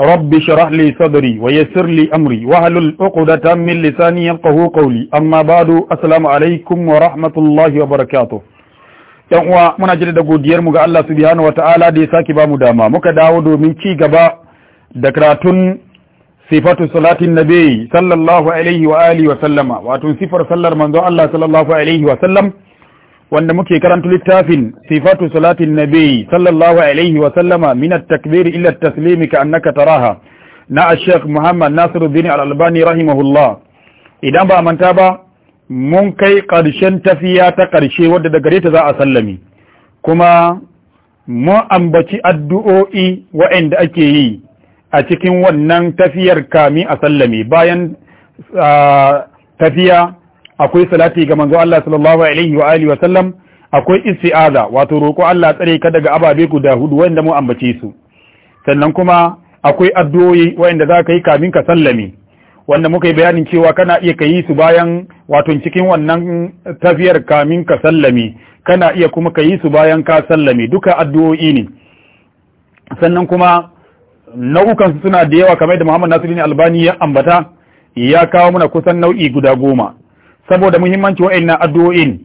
رب شرح لي صدري ويسر لي أمري وهل عقدة من لساني يفقه قولي أما بعد السلام عليكم ورحمة الله وبركاته yan uwa muna jira da godiyar mu ga Allah subhanahu wataala da ya saki ba mu dama muka dawo domin ci gaba da karatun sifatu salatin nabi sallallahu alaihi wa alihi wa sallama wato sifar sallar manzo Allah sallallahu alaihi wa sallam wanda muke karanta littafin sifatu salatin nabi sallallahu alaihi wa sallama min at-takbir ila at-taslim ka annaka taraha na ash-shaykh Muhammad Nasiruddin Al-Albani rahimahullah idan ba manta ba mun kai karshen tafiya ta karshe wadda daga gare ta za a sallami kuma mu ambaci addu'o'i waɗanda ake yi a cikin wannan tafiyar kami a sallami bayan ah, tafiya akwai salati ga manzo Allah sallallahu alaihi wa alihi wa sallam akwai isti'aza wato roko Allah tsare ka daga ababe guda hudu wanda mu ambace su sannan kuma akwai addu'o'i wanda za ka yi kafin ka sallame wanda muka yi bayanin cewa kana iya ka yi su bayan wato cikin wannan tafiyar kafin ka sallame kana iya kuma ka yi su bayan ka sallame duka addu'o'i ne sannan kuma nau'ukan suna da yawa kamar da Muhammad Nasiruddin Albani ya ambata ya kawo muna kusan nau'i guda goma saboda muhimmanci wa'annan addu'o'in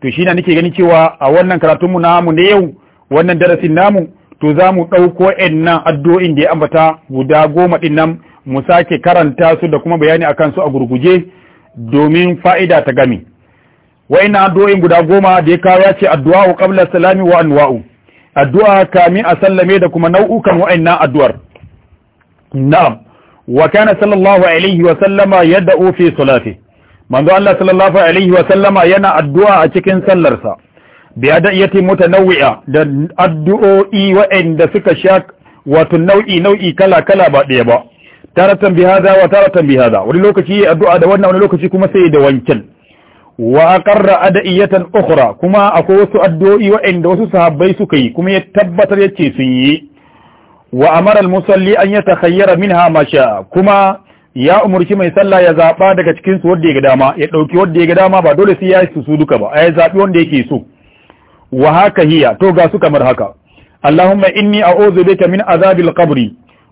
to shi na nake ganin cewa a wannan karatun mu namu na yau wannan darasin namu to za mu ɗauko wa'annan addu'o'in da ya ambata guda goma ɗin nan mu sake karanta su da kuma bayani akan su a gurguje domin fa'ida ta gami wa'annan addu'o'in guda goma da ya kawo ya ce addu'a qabla salami wa anwa'u addu'a kamin a sallame da kuma nau'ukan wa'annan addu'ar na'am wa kana sallallahu alaihi wa sallama yadda fi salati manzo Allah sallallahu alaihi wa sallama yana addu'a a cikin sallarsa bi adiyati mutanawwi'a da addu'o'i wa'anda suka sha wato nau'i nau'i kala kala ba ɗaya ba taratan bi hada wa taratan bi hada wani lokaci addu'a da wannan wani lokaci kuma sai da wancan wa aqarra adiyatan ukhra kuma akwai wasu addu'o'i wa'anda wasu sahabbai suka yi kuma ya tabbatar yace sun yi wa amara al-musalli an yatakhayyara minha ma sha kuma ya umurci mai sallah ya zaɓa daga cikin su wanda ya ga dama ya ɗauki wanda ya ga dama ba dole sai ya yi su duka ba ya zaɓi wanda yake so wa haka hiya to ga su kamar haka Allahumma inni a'udhu bika min azabil qabri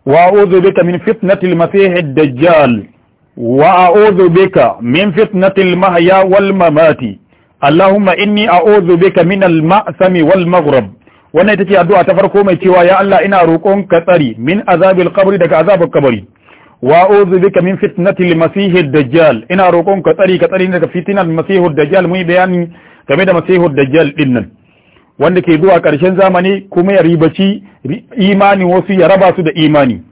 wa a'udhu bika min fitnatil masih ad-dajjal wa a'udhu bika min fitnatil mahya wal mamati Allahumma inni a'udhu bika min al-ma'sami wal maghrib wannan ita addu'a ta farko mai cewa ya Allah ina roƙon ka tsari min azabil qabri daga azabar kabari wa uzu bika min fitnatil masihid dajjal ina roƙon ka tsari ka tsari daga fitnar masihid dajjal mu bayani game da masihid dajjal dinnan wanda ke zuwa ƙarshen zamani kuma ya ribaci imani wasu ya raba su da imani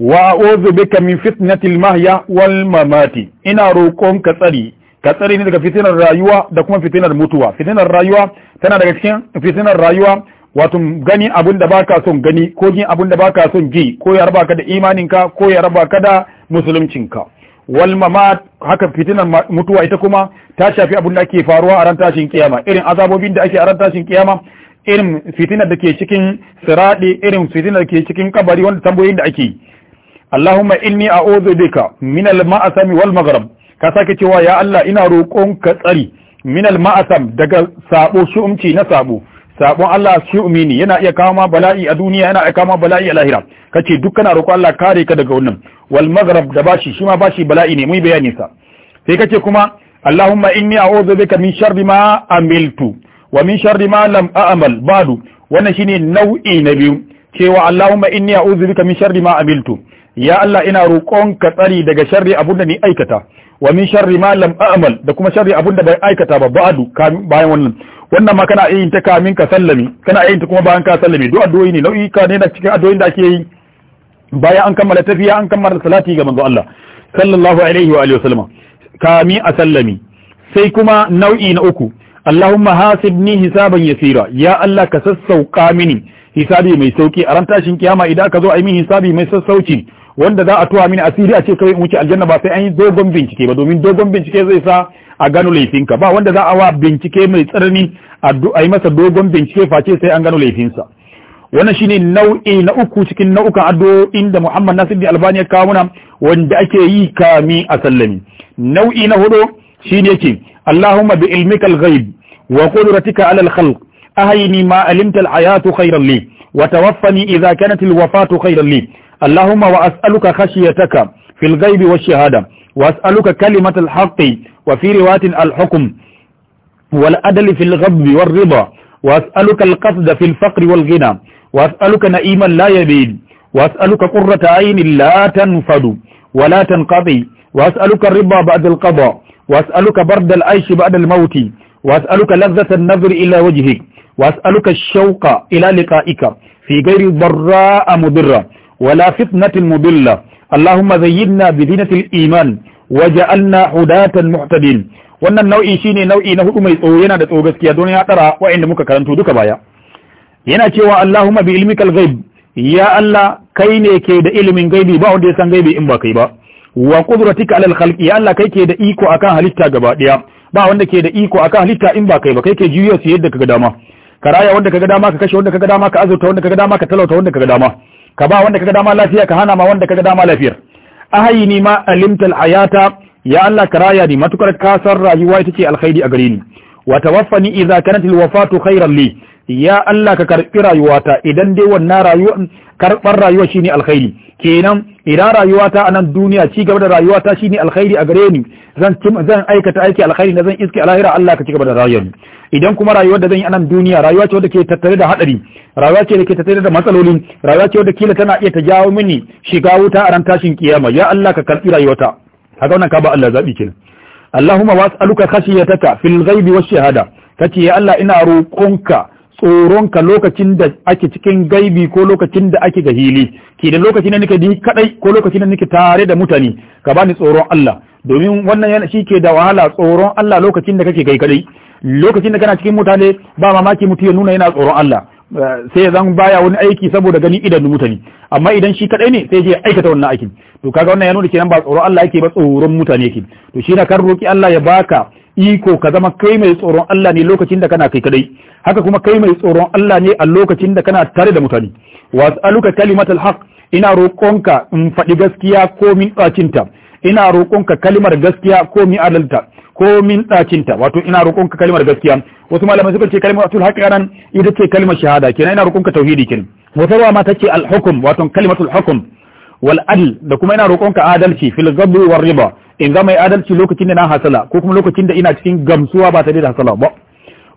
wa uzu bika min fitnatil mahya wal mamati ina roƙon ka tsari ka tsari daga fitinar rayuwa da kuma fitinar mutuwa fitinar rayuwa tana daga cikin fitinar rayuwa wato gani abin da baka son gani ko jin abin da baka son ji ko ya raba ka da imaninka ko ya raba ka da musuluncinka wal mamat haka fitinan mutuwa ita kuma ta shafi abin da ake faruwa a ran tashin kiyama irin azabobin da ake a ran tashin kiyama irin fitinar da ke cikin siradi irin fitinar da ke cikin kabari wanda tambayoyin da ake yi Allahumma inni a'udhu bika min al-ma'asami wal maghrib ka sake cewa ya Allah ina roƙon ka tsari min al-ma'asam daga sabo shu'umci na sabo sabon Allah shi umini yana iya kawo ma bala'i a duniya yana iya kawo ma bala'i a lahira kace duk kana roƙo Allah kare ka daga wannan wal maghrib da bashi shi ma bashi bala'i ne mun bayani sa sai kace kuma Allahumma inni a'udhu bika min sharri ma amiltu wa min sharri ma lam a'mal ba'du wannan shine nau'i na biyu cewa Allahumma inni a'udhu bika min sharri ma amiltu ya Allah ina ka tsari daga sharri abunda ni aikata wa min sharri ma lam a'mal da kuma sharri abunda bai aikata ba ba'du bayan wannan wannan ma kana yin ta kamin ka sallami kana yin ta kuma bayan ka sallami duk addu'o'i ne nau'i ka ne na cikin addu'o'in da ake yi bayan an kammala tafiya an kammala salati ga manzo Allah sallallahu alaihi wa alihi wasallam kami a sallami sai kuma nau'i na uku Allahumma hasibni hisaban yasira ya Allah ka sassauka mini hisabi mai sauki a ran tashin kiyama idan ka zo a yi min hisabi mai sassauci wanda za a tuwa mini asiri a ce kawai in wuce aljanna ba sai an yi dogon bincike ba domin dogon bincike zai sa a gano laifinka ba wanda za a wa bincike mai tsarni a yi masa dogon bincike face sai an gano laifinsa wannan shine nau'i na uku cikin nau'ukan addu'o'in da Muhammad Nasiruddin Albani ya kawo mana wanda ake yi kami a sallami nau'i na hudu shine yake Allahumma bi ilmikal ghaib wa qudratika ala al khalq ahayni ma alimta al hayatu khayran li وتوفني إذا كانت الوفاة خيرا لي اللهم وأسألك خشيتك في الغيب والشهادة وأسألك كلمة الحق وفي رواة الحكم والأدل في الغضب والرضا وأسألك القصد في الفقر والغنى وأسألك نئيما لا يبيد وأسألك قرة عين لا تنفد ولا تنقضي وأسألك الرضا بعد القضاء وأسألك برد العيش بعد الموت وأسألك لذة النظر إلى وجهك واسألك الشوق إلى لقائك في غير ضراء مضرة ولا فتنة مضلة اللهم زيدنا بدينة الإيمان وجعلنا هداة محتدين وأن النوع شيني نوع إنه أمي أوينا دتوغس كيا دوني أترى وإن مكا كرنتو دوكا بايا ينا تيوى اللهم بإلمك الغيب يا الله كيني كيد إلم غيبي باو دي سن غيبي إمبا كيبا وقدرتك على الخلق يا الله كي كيد إيكو أكا هلتا غبا ديا باو دي كيد إيكو أكا هلتا إمبا كيبا كي كي جيوية سيدك غداما ka raya wanda kaga dama ka kashe wanda kaga dama ka azurta wanda kaga dama ka talauta wanda kaga dama ka ba wanda kaga dama lafiya ka hana ma wanda kaga dama lafiyar ahayini ma alimtal hayata ya Allah ka raya ni matukar kasar rayuwa ita ce alkhairi a gare ni wa tawaffani idza kanat alwafatu khairan li ya Allah ka karɓi rayuwata idan dai wannan rayuwa karɓar rayuwa shine alkhairi kenan idan rayuwata a nan duniya ci gaba da rayuwata shine alkhairi a gare ni zan zan aikata aiki alkhairi na zan iske a Allah ka ci gaba da rayuwa idan kuma rayuwar da zan yi a nan duniya rayuwa ce wadda ke tattare da hadari rayuwa ce da ke tattare da matsaloli rayuwa ce wadda kila tana iya ta jawo mini shiga wuta a ran tashin kiyama ya Allah ka karɓi rayuwata haka wannan ka ba Allah zabi kenan Allahumma kashi khashiyataka fil ghaibi wash shahada kace ya Allah ina roƙonka tsoronka lokacin da ake cikin gaibi ko lokacin da ake ga hili ke da lokacin da nake ni kadai ko lokacin da nake tare da mutane ka bani tsoron Allah domin wannan yana shi ke da wahala tsoron Allah lokacin da kake kai kadai lokacin da kana cikin mutane ba mamaki mutum ya nuna yana tsoron Allah eh, sai ya zan baya wani aiki saboda gani idan mutane amma idan shi kadai ne sai ya aikata wannan aikin to kaga wannan ya nuna kenan ba tsoron Allah yake ba tsoron mutane ke. to shi na kan roki Allah ya baka iko ka zama kai mai tsoron Allah ne lokacin da kana kai kadai haka kuma kai mai tsoron Allah ne a lokacin da kana tare da mutane was'aluka kalimatal haqq ina roƙonka in faɗi gaskiya ko min ɗacinta ina roƙonka kalimar gaskiya ko min adalta ko min ɗacinta wato ina roƙonka kalimar gaskiya wasu malamai suka ce kalimar asul haƙi nan ita ce kalimar shahada kenan ina roƙonka tauhidi kenan wata ruwa ma ta ce al-hukum wato kalimatul hukum wal adl da kuma ina roƙonka adalci fil ghadbi war riba in ga mai adalci lokacin da na hasala ko kuma lokacin da ina cikin gamsuwa ba tare da hasala ba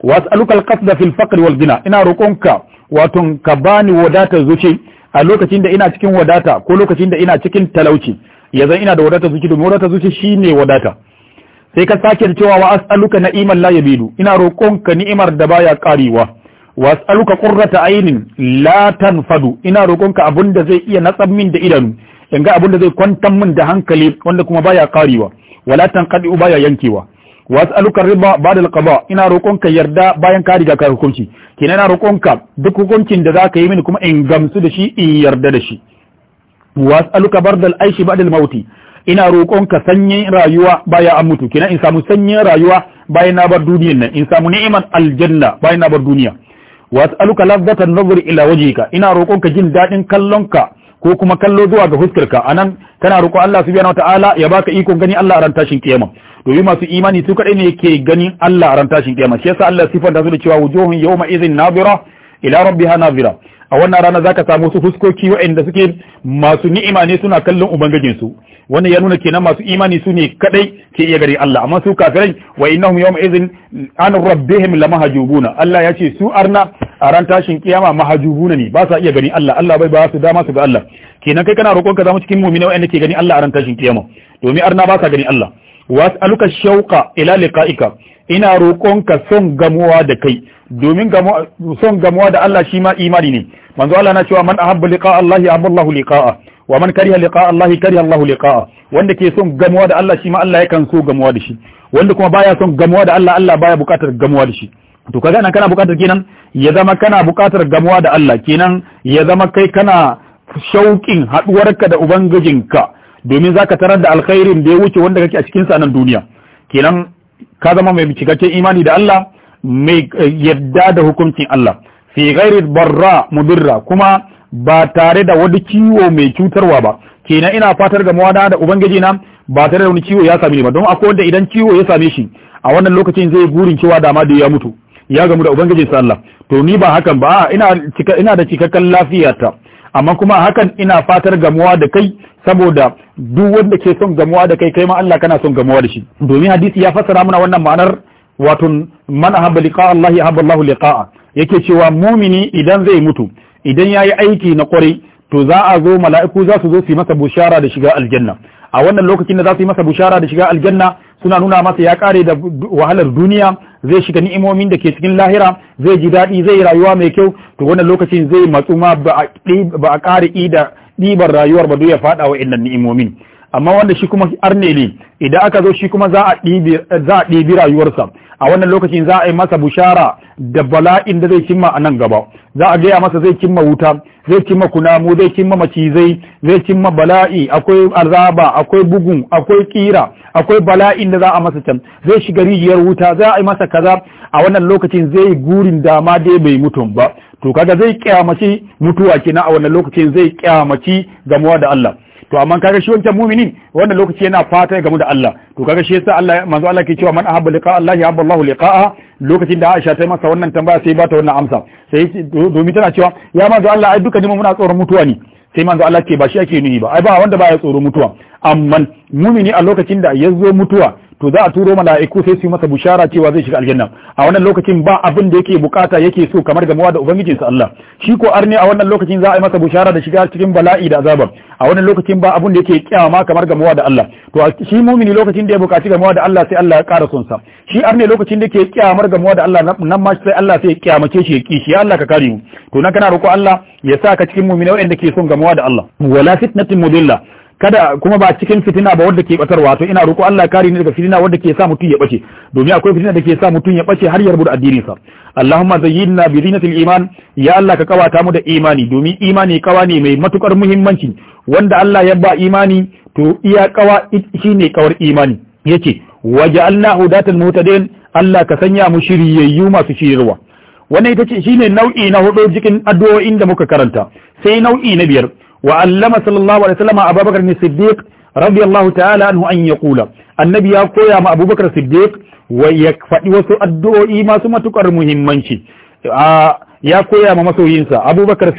was'aluka alqasda fil faqr wal gina ina roƙonka wato ka bani wadata zuci a lokacin da ina cikin wadata ko lokacin da ina cikin talauci yanzu ina da wadata zuci domin wadatar zuci shine wadata sai ka sake cewa wa as'aluka na'iman la yabidu ina roƙonka ni'imar da baya karewa was'aluka ƙurrata ainin la fadu ina roƙonka da zai iya natsar min da idanu in ga abin da zai kwantar min da hankali wanda kuma baya karewa wala tanqadi baya yankewa was'aluka riba ba'da al-qada ina roƙonka yarda bayan ka riga ka hukunci kina ina roƙonka duk hukuncin da zaka yi mini kuma in gamsu da shi in yarda da shi was'aluka barda al-aishi ba'da al-mauti ina roƙonka sanyin rayuwa bayan an mutu kina in samu sanyin rayuwa bayan na bar duniyar nan in samu ni'iman aljanna bayan na bar duniya was'aluka lafzatan nazari ila wajhika ina roƙonka jin dadin kallonka ko kuma kallo zuwa ga huskarka anan kana roƙo Allah subhanahu wataala ya baka iko gani Allah a ran tashin kiyama domin masu imani su kadai ne yake ganin Allah a ran tashin kiyama shi yasa Allah sifanta su da cewa wujuhun yawma idhin nabira ila rabbiha nabira a wannan rana zaka samu wasu fuskoki waɗanda suke masu ni'ima ne suna kallon ubangijin su wannan ya nuna kenan masu imani su ne kadai ke iya gari Allah amma su kafirai wa innahum yawma idhin an rabbihim lamahjubuna Allah ya ce su arna a ran tashin kiyama mahjubuna ne ba sa iya gani Allah Allah bai ba su dama su ga Allah kenan kai kana roƙon ka zama cikin mu'mina waɗanda ke gani Allah a ran tashin kiyama domin arna ba sa gani Allah was'aluka shauqa ila liqa'ika ina roƙonka son gamuwa da kai domin son gamuwa da Allah shi ma imani ne manzo Allah na cewa man ahabba liqa Allah ya Allahu liqa'a wa man kariha liqa Allah kariha Allahu liqa'a wanda ke son gamuwa da Allah shi ma Allah yakan so gamuwa da shi wanda kuma baya son gamuwa da Allah Allah baya bukatar gamuwa da shi to kaga nan kana bukatar kenan ya zama kana bukatar gamuwa da Allah kenan ya zama kai kana shauƙin haɗuwarka da ubangijinka domin zaka tarar da alkhairin da ya wuce wanda kake a cikin sa nan duniya kenan ka zama mai cikakken imani da Allah mai eh, yarda da hukuncin Allah fi gairi barra birra kuma ba tare da wani ciwo mai cutarwa ba kenan ina fatar ga mawana da ubangiji ba tare da wani ciwo ya same ni ba don akwai wanda idan ciwo ya same shi a wannan lokacin zai gurin cewa dama da ya mutu ya gamu da sa Allah. to ni ba hakan ba ina ina da cikakken lafiyata amma kuma hakan ina fatar gamuwa da kai saboda duk wanda ke son gamuwa da kai kai ma Allah kana son gamuwa da shi domin hadisi ya fassara mana wannan ma'anar wato man ahabba liqa Allah ahabba Allah liqa'a yake cewa mumini idan zai mutu idan yayi aiki na kwarai to za a zo mala'iku za su zo su yi masa bushara da shiga aljanna a wannan lokacin da za su yi masa bushara da shiga aljanna suna nuna masa ya kare da wahalar duniya zai shiga ni'imomin da ke cikin lahira zai ji daɗi zai yi rayuwa mai kyau to wannan lokacin zai matsuma ba a ƙare ida ɗibar rayuwar ba ya faɗa wa ni'imomin amma wanda shi kuma arne ne idan aka zo shi kuma za a ɗibi rayuwarsa a wannan lokacin za a yi masa bushara da bala'in da zai cimma a nan gaba za a gaya masa zai cimma wuta zai cimma kunamu zai cimma macizai zai cimma bala'i akwai azaba akwai bugun akwai kira akwai bala'in da za a masa can zai shiga rijiyar wuta za a yi masa kaza a wannan lokacin zai gurin dama dai bai mutum ba to kaga zai kyamaci mutuwa kenan a wannan lokacin zai kyamaci gamuwa da Allah to amma kaga shi wancan muminin wannan lokaci yana fata ya gamu da Allah to kaga shi yasa Allah manzo Allah ke cewa man ahabba liqa Allah ya habba Allah liqa'a lokacin da Aisha ta masa wannan tambaya sai ba ta wannan amsa sai domin tana cewa ya manzo Allah ai duka ne muna tsoron mutuwa ne sai manzo Allah ke ba shi ake nuhi ba ai ba wanda ba ya tsoron mutuwa amma mumini a lokacin da ya zo mutuwa to za a turo mala'iku sai su masa bushara cewa zai shiga aljanna a wannan lokacin ba abin da yake bukata yake so kamar gamuwa da ubangijinsa Allah shi ko arne a wannan lokacin za a yi masa bushara da shiga cikin bala'i da azaba a wannan lokacin ba abin da yake kyama kamar gamuwa da Allah to shi mumini lokacin da ya bukaci gamuwa da Allah sai Allah ya ƙara sonsa. shi arne lokacin da yake kyamar gamuwa da Allah nan ma sai Allah sai ya kyamace shi ya kishi Allah ka kare mu to nan kana roƙo Allah ya sa ka cikin mumini waɗanda ke son gamuwa da Allah wala fitnatin mudilla kada kuma ba cikin fitina ba wadda ke batarwa to ina roƙo Allah kare ni daga fitina wadda ke sa mutum ya bace domin akwai fitina da ke sa mutum ya bace har ya rubuta addinin sa Allahumma zayyinna bi zinatil iman ya Allah ka kawata mu da imani domin imani kawa ne mai matukar muhimmanci wanda Allah ya ba imani to iya kawa shine kawar imani yake waja'alna hudatal mutadin Allah ka sanya mu shiriyayyu masu shirwa wannan ita ce shine nau'i na hudu cikin addu'o'in da muka karanta sai nau'i na biyar وعلم صلى الله عليه وسلم أبا بكر الصديق رضي الله تعالى عنه أن يقول النبي يقول يا أبو بكر الصديق ويكفأ وسؤدو إيما ثم تكر مهمنش ya koya ma masoyinsa abubakar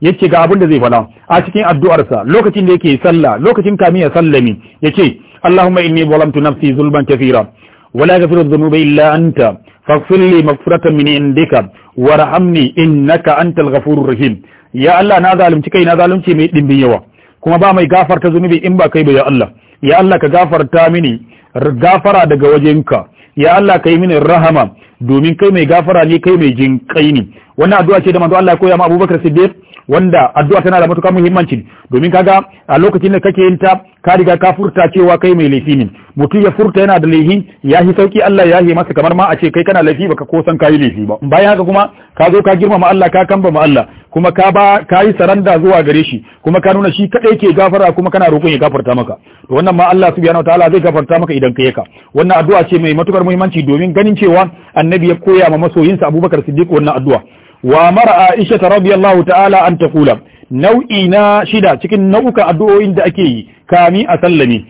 ya ce ga abin da zai fara a cikin addu'arsa lokacin da yake sallah lokacin kamin ya sallami ce allahumma inni zalamtu nafsi zulman kathira wala yaghfiru dhunuba illa anta faghfir li maghfiratan min indika warhamni innaka antal ghafurur rahim ya Allah na zalunci kai na zalunci mai dimbin yawa kuma ba mai gafarta zunubi in ba kai ba ya Allah ya Allah ka gafarta mini gafara daga wajenka ya Allah ka yi mini rahama domin kai mai gafara ne kai mai jinkai ne wannan addu'a ce da manzo Allah ya koya ma Abubakar Siddiq wanda addu'a tana da matuƙar muhimmanci domin kaga a lokacin da kake yin ta ka riga ka furta cewa kai mai laifi ne mutum ya furta yana da laifi ya yi sauki Allah ya yi masa kamar ma a ce kai kana laifi baka ko san kayi laifi ba bayan haka kuma ka zo ka girma girmama Allah ka kamba ma Allah kuma ka ba ka yi saranda zuwa gare shi kuma ka nuna shi kadai ke gafara kuma kana roƙon ya gafarta maka to wannan ma Allah subhanahu wataala zai gafarta maka idan ka yaka wannan addu'a ce mai matukar muhimmanci domin ganin cewa annabi ya koya ma masoyinsa Abubakar Siddiq wannan addu'a wa mara aisha ta radiyallahu ta'ala an ta kula nau'i na shida cikin nau'ukan addu'o'in da ake yi kami a sallami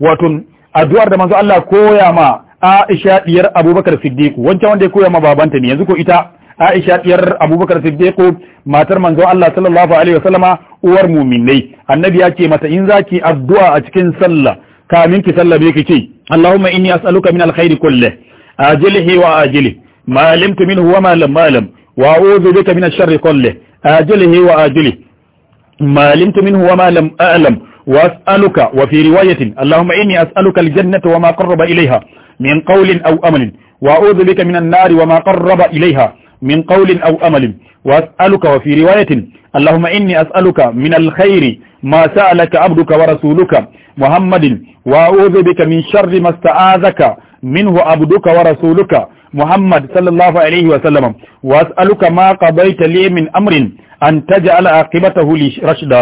wato addu'ar da manzo Allah koya ma Aisha diyar Abubakar Siddiq wancan wanda ya koya ma babanta ne yanzu ko ita Aisha diyar Abubakar Siddiq matar manzo Allah sallallahu alaihi wasallama uwar mu'minai annabi ya ce mata in zaki addu'a a cikin sallah kamin ki sallame ki ce allahuma inni as'aluka min alkhairi kulle ajilihi wa ajilihi ma limtu minhu wa ma وأعوذ بك من الشر كله آجله وآجله ما علمت منه وما لم أعلم وأسألك وفي رواية اللهم إني أسألك الجنة وما قرب إليها من قول أو أمل وأعوذ بك من النار وما قرب إليها من قول أو أمل وأسألك وفي رواية اللهم إني أسألك من الخير ما سألك عبدك ورسولك محمد وأعوذ بك من شر ما استعاذك منه عبدك ورسولك Muhammad sallallahu alaihi wa sallam wa as'aluka ma qadaita li min amrin an taj'ala aqibatahu li rashda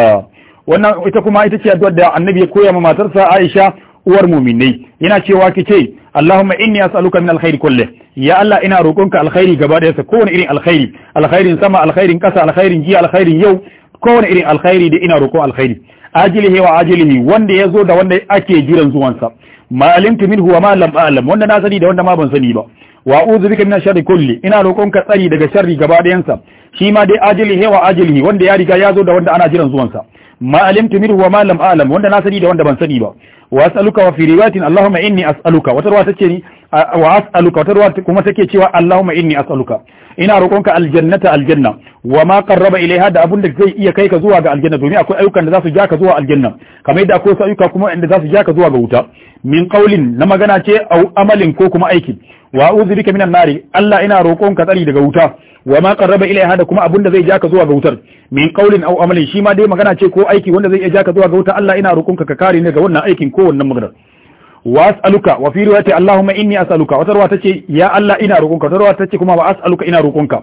wannan ita kuma ita ce addu'ar da annabi ya koya ma matarsa Aisha uwar muminai yana cewa ki ce Allahumma inni as'aluka min alkhairi kulli ya Allah ina roƙonka alkhairi gaba da yasa irin alkhairi alkhairin sama alkhairin kasa alkhairin jiya alkhairin yau kowane irin alkhairi da ina roƙo alkhairi ajilihi wa ajilihi wanda ya zo da wanda ake jiran zuwansa ma alimtu minhu wa ma lam a'lam wanda na sani da wanda ma ban sani ba wa uzu bika min sharri kulli ina roƙonka tsari daga sharri gaba sa shi ma dai ajilihi hewa ajilihi wanda ya riga ya zo da wanda ana jiran zuwansa ma alimtu minhu wa ma lam alam wanda na sani da wanda ban sani ba wa as'aluka wa fi riwayatin Allahumma inni as'aluka wata ruwa tace ni wa as'aluka wata ruwa kuma take cewa Allahumma inni as'aluka ina roƙonka aljannata aljanna wa ma qarraba ilaiha da abun da zai iya kai ka zuwa ga aljanna domin akwai ayyukan da za su ja ka zuwa aljanna kamar yadda akwai ayyuka kuma inda za su ja ka zuwa ga wuta min qaulin na magana ce au amalin ko kuma aikin wa a'udhu bika minan nari Allah ina roƙonka tsari daga wuta wa ma qarraba ilaiha da kuma abun da zai ja ka zuwa ga wutar min qaulin au amalin shi ma dai magana ce ko aiki wanda zai iya ja ka zuwa ga wuta Allah ina roƙonka ka kare ni daga wannan aikin ɗauko wannan maganar was'aluka wa fi riwayati allahumma inni as'aluka wata ruwa tace ya allah ina roƙonka wata ruwa tace kuma wa as'aluka ina roƙonka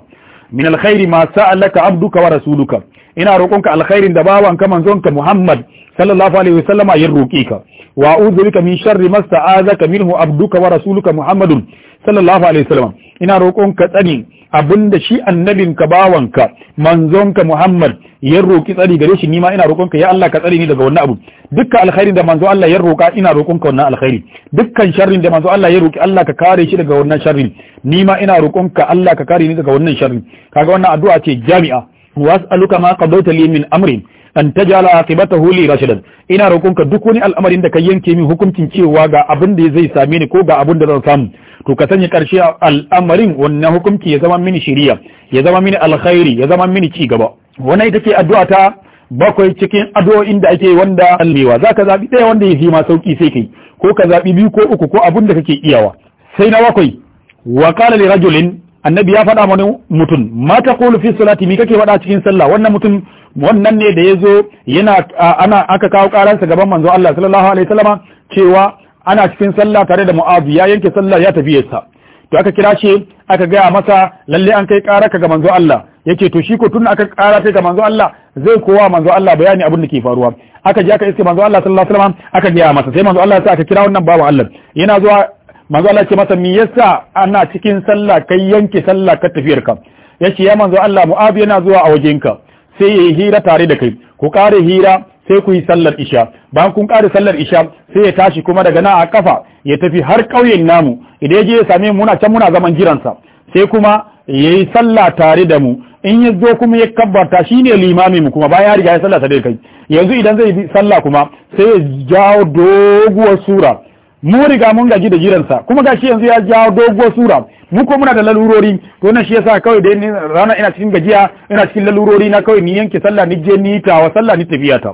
min alkhairi ma sa'alaka abduka wa rasuluka ina roƙonka alkhairin da bawanka manzonka muhammad sallallahu alaihi wa wasallama ya roƙe ka wa a'udhu bika min sharri ma sta'azaka minhu abduka wa rasuluka muhammadun sallallahu alaihi wa wasallam ina roƙonka tsani abinda shi annabin ka bawanka manzonka Muhammad ya roki tsari gare shi nima ina roƙonka ya Allah ka tsare ni daga wannan abu dukkan alkhairin da manzo Allah ya roƙa ina roƙonka wannan alkhairi dukkan sharrin da manzo Allah ya roki Allah ka kare shi daga wannan sharrin nima ina roƙonka Allah ka kare ni daga wannan sharrin kaga wannan addu'a ce jami'a واسألك ما قضيت لي من أمر an tajala aqibatahu li rashidan ina roƙonka duk wani al'amarin da ka yanke min hukuncin cewa ga abin da zai same ni ko ga abin da zan samu to ka sanya ƙarshe al'amarin wannan hukunci ya zama mini shiriya ya zama mini alkhairi ya zama mini ci gaba wannan ita ce addu'a ta bakwai cikin addu'o'in da ake wanda almewa zaka zabi ɗaya wanda ya fi ma sauki sai kai ko ka zabi biyu ko uku ko abin da kake iyawa sai na bakwai wa qala li rajulin annabi ya faɗa wani mutum mata kulu fi salati mi kake faɗa cikin sallah wannan mutum wannan ne da yazo yana ana aka kawo karansa gaban manzo Allah sallallahu alaihi wasallama cewa ana cikin sallah tare da Mu'adh ya yanke sallah ya tafi yasa to aka kira shi aka gaya masa lalle an kai karaka ga manzo Allah yace to shi ko tun aka kara kai ga manzo Allah zai kowa manzo Allah bayani abin da ke faruwa aka je aka iske manzo Allah sallallahu alaihi wasallam aka gaya masa sai manzo Allah sai aka kira wannan bawan Allah yana zuwa manzo Allah ce masa me yasa ana cikin sallah kai yanke sallah ka tafiyar ka yace ya manzo Allah mu'abi yana zuwa a wajenka sai yayi hira tare da kai ku kare hira sai ku yi sallar isha bayan kun kare sallar isha sai ya tashi kuma daga nan a kafa ya tafi har ƙauyen namu idan ya je ya same mu na can muna zaman jiransa sai kuma yayi sallah tare da mu in ya zo kuma ya kabbarta ne limamin mu kuma bayan ya riga ya sallah ta kai yanzu idan zai bi sallah kuma sai ya jawo doguwar sura mu riga mun gaji da jiransa kuma gashi yanzu ya jawo dogo sura mu ko muna da lalurori to nan shi yasa kawai da rana ina cikin gajiya ina cikin lalurori na kawai ni yanke sallah ni je ni ta wa sallah ni tafiya ta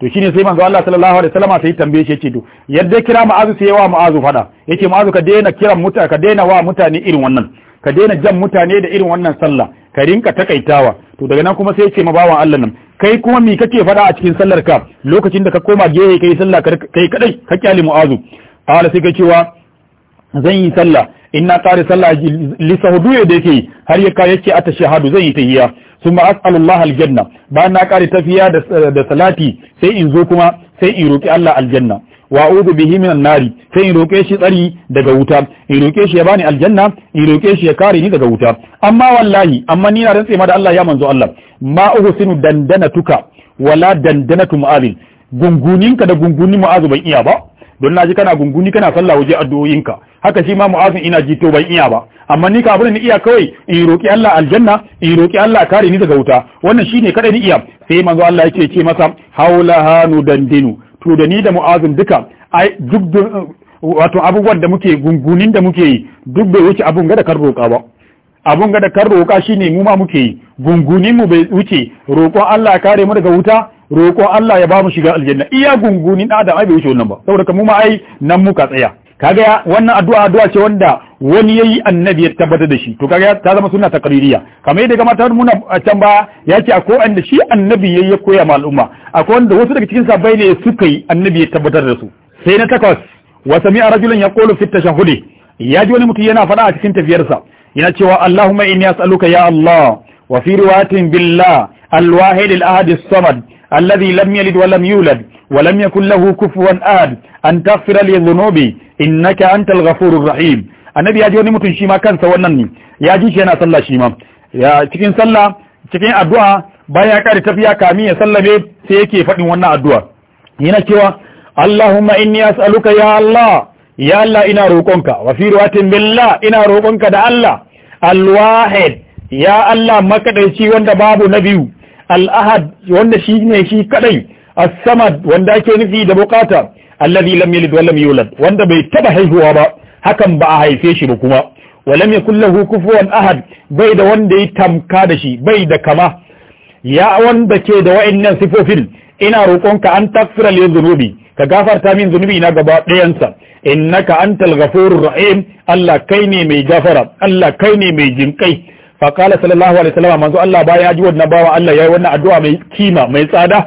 to shine sai manzo Allah sallallahu alaihi wasallam sai tambaye shi yace to yadda kira mu'azu sai wa mu'azu fada yace mu'azu ka daina kira mutane ka daina wa mutane irin wannan ka daina jan mutane da irin wannan sallah ka rinka takaitawa to daga nan kuma sai ce ma bawan Allah nan kai kuma me kake faɗa a cikin sallar ka lokacin da ka koma gehe kai sallah kai kadai ka kyale mu'azu ala sai ka cewa zan yi sallah inna qari sallah li sahudu da yake har ya ka yake ata shahadu zan yi tahiyya thumma allah aljanna ba na kare tafiya da salati sai in zo kuma sai in roƙi Allah aljanna wa a'udhu bihi minan nari sai in roke shi tsari daga wuta in roke shi ya bani aljanna in roke shi ya kare ni daga wuta amma wallahi amma ni na rantse ma da Allah ya manzo Allah ma uhsinu dandanatuka wala dandanatu mu'adhin gunguninka da gungunin mu'azu ban iya ba don naji kana gunguni kana sallah waje addu'o'inka haka shi ma mu'azin ina jito ban iya ba amma ni ka ni iya kawai in roki Allah aljanna in roki Allah kare ni daga wuta wannan shine kada ni iya sai manzo Allah yake ce masa haula hanu dandinu to da ni da mu'azin duka ai duk wato abubuwan da muke gungunin da muke yi duk bai wuce abun ga da roƙa ba abun ga da kan roƙa shine mu ma muke yi gungunin mu bai wuce roƙon Allah ya kare mu daga wuta roƙon Allah ya ba mu shiga aljanna iya gungunin adam ai bai wuce wannan ba saboda mu ma ai nan muka tsaya kaga wannan addu'a addu'a ce wanda wani yayi annabi ya tabbatar da shi to kaga ta zama sunna taqririya kamar yadda kamar ta muna a can ba yace akwai wanda shi annabi yayi ya koya ma al'umma akwai wanda wasu daga cikin sabai ne suka yi annabi ya tabbatar da su sai na takwas wa sami'a rajulan yaqulu fi tashahhudi ji wani mutum yana fada a cikin tafiyar sa yana cewa Allahumma inni as'aluka ya Allah wa fi riwayatin billah al-wahid al-ahad as-samad الذي لم يلد ولم يولد ولم يكن له كفوا آد أن تغفر لي ذنوبي إنك أنت الغفور الرحيم annabi ya ji wani mutum shi ma kansa wannan ne ya ji shi yana sallah shi ma ya cikin sallah cikin addu'a bayan ya kare tafiya kamin ya sallame sai yake faɗin wannan addu'a yana cewa Allahumma inni as'aluka ya Allah ya Allah ina roƙonka wa fi ruwatin billah ina roƙonka da Allah al-wahid ya Allah makadaici wanda babu na biyu al-ahad wanda shi ne shi kadai as-samad wanda ake nufi da buƙata, alladhi lam yalid wa lam yulad wanda bai taba haihuwa ba hakan ba a haife shi ba kuma walam yakul lahu kufuwan ahad bai da wanda ya tamka da shi bai da kama ya wanda ke da wa'annan sifofin ina roƙonka an takfira li zunubi ka gafarta min zunubi na gaba ɗayansa innaka antal ghafurur rahim Allah kai ne mai gafara Allah kai ne mai jinkai fa qala sallallahu alaihi wasallam manzo Allah baya ji wannan bawa Allah yayi wannan addu'a mai kima mai tsada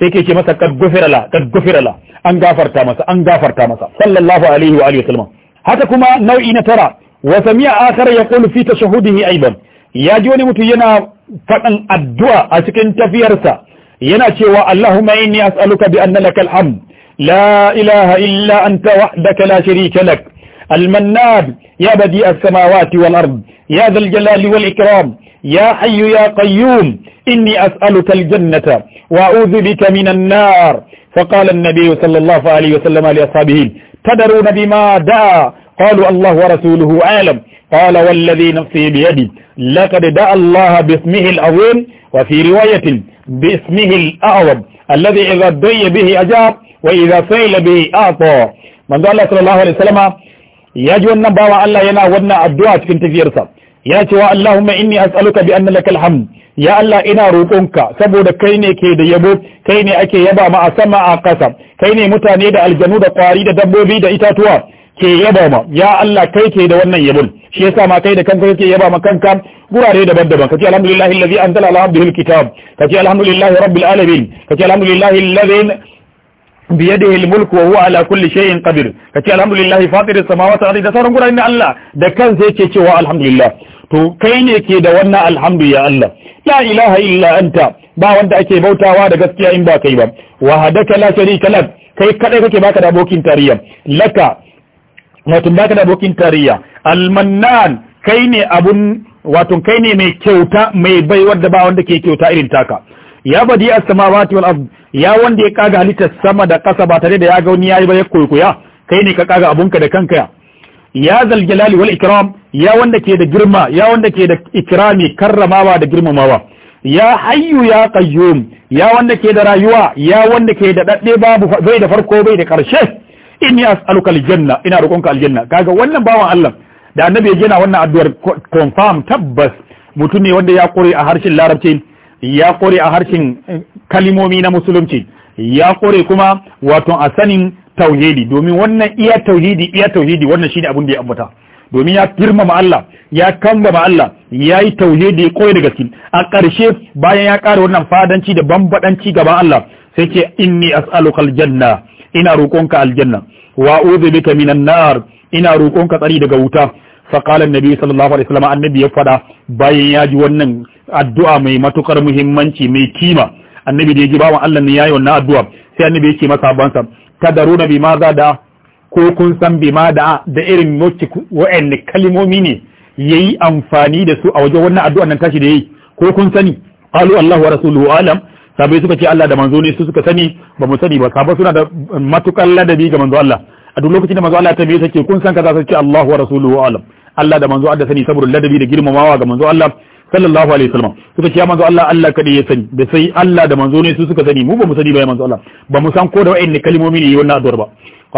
sai ke ce masa kad gufirala kad gufirala an gafarta masa an gafarta masa sallallahu alaihi wa alihi wasallam haka kuma nau'i na tara wa sami'a akhar yaqulu fi tashahhudihi aidan ya ji wani mutum yana faɗan addu'a a cikin tafiyarsa yana cewa Allahumma inni as'aluka bi anna lakal hamd la ilaha illa anta wahdaka la sharika lak المناب يا بديع السماوات والأرض يا ذا الجلال والإكرام يا حي يا قيوم إني أسألك الجنة وأعوذ بك من النار فقال النبي صلى الله عليه وسلم لأصحابه تدرون بما دعا قالوا الله ورسوله أعلم قال والذي نفسي بيدي لقد دعا الله باسمه العظيم وفي رواية باسمه الأعظم الذي إذا دعي به أجاب وإذا سئل به أعطى من قال صلى الله عليه وسلم يجونا ji الله ينا ودنا الدعاء في addu'a ya ce wa Allahumma inni as'aluka bi anna lakal hamd ya Allah ina roƙonka saboda kai ne ke da yabo kai ne ake yaba ma a sama a ƙasa kai ne mutane da aljanu da ƙwari da dabbobi da itatuwa ke yaba ma ya Allah kai ke da wannan yabon shi yasa ma kai da kanka kake yaba ma kanka gurare daban-daban kace alhamdulillahi allazi anzala ala abdihi alkitab kace alhamdulillahi rabbil alamin kace alhamdulillahi allazi بيده الملك وهو على كل شيء قدير كتي الحمد لله فاطر السماوات والارض da sauran gurare na Allah da kansa yake cewa alhamdulillah to kai ne ke da wannan alhamdu ya Allah la ilaha illa anta ba wanda ake bautawa da gaskiya in ba kai ba wahadaka la sharika lak kai kadai kake baka da abokin tarayya laka wato baka da abokin tarayya almannan kai ne abun wato kai ne mai kyauta mai baiwar da ba wanda ke kyauta irin taka ya badi as-samawati wal ardh ya wanda ya kaga halittar sama da ƙasa ba tare da ya ga wani yayi ba ya koya kai ne ka kaga abunka da kanka ya ya zalgalali wal ikram ya wanda ke da girma ya wanda ke da ikrami karramawa da girmamawa ya hayyu ya qayyum ya wanda ke da rayuwa ya wanda ke da dadde babu bai da farko bai da karshe inni as'aluka aljanna ina roƙonka aljanna kaga wannan bawan Allah da annabi ya gina wannan addu'ar confirm tabbas mutum ne wanda ya kore a harshen larabci ya kore a harshen eh, kalimomi na musulunci ya kore kuma wato a sanin tauhidi domin wannan iya tauhidi iya tauhidi wannan shine abin da ya ambata domin ya girmama Allah ya ma Allah ya yi tauhidi koyi da gaske a ƙarshe bayan ya ƙara wannan fadanci da bambadanci gaban Allah sai ce inni as'aluka aljanna ina roƙonka aljanna wa uzu bika minan nar ina roƙonka tsari daga wuta fa qala annabi sallallahu alaihi wasallam annabi ya fada bayan ya ji wannan addu'a mai matukar muhimmanci mai kima annabi da yaji ji bawan Allah ne yayi wannan addu'a sai annabi yake masa bansa tadaruna bima za da ko kun san bima da da irin wa'anne kalmomi ne yayi amfani da su a wajen wannan addu'a nan tashi da yayi ko kun sani qalu Allah wa rasuluhu alam sabai suka ce Allah da manzo ne su suka sani ba mu sani ba sabai suna da matukar ladabi ga manzo Allah a duk lokacin da manzo Allah ta biye take kun san kaza sai ce Allah wa rasuluhu alam Allah da manzo Allah sani saboda ladabi da girmamawa ga manzo Allah sallallahu alaihi wasallam suka ce ya manzo Allah Allah kadai ya sani da sai Allah da manzo ne su suka sani mu ba mu sani ba ya manzo Allah ba mu san ko da wa'anne kalmomi ne wannan addu'ar ba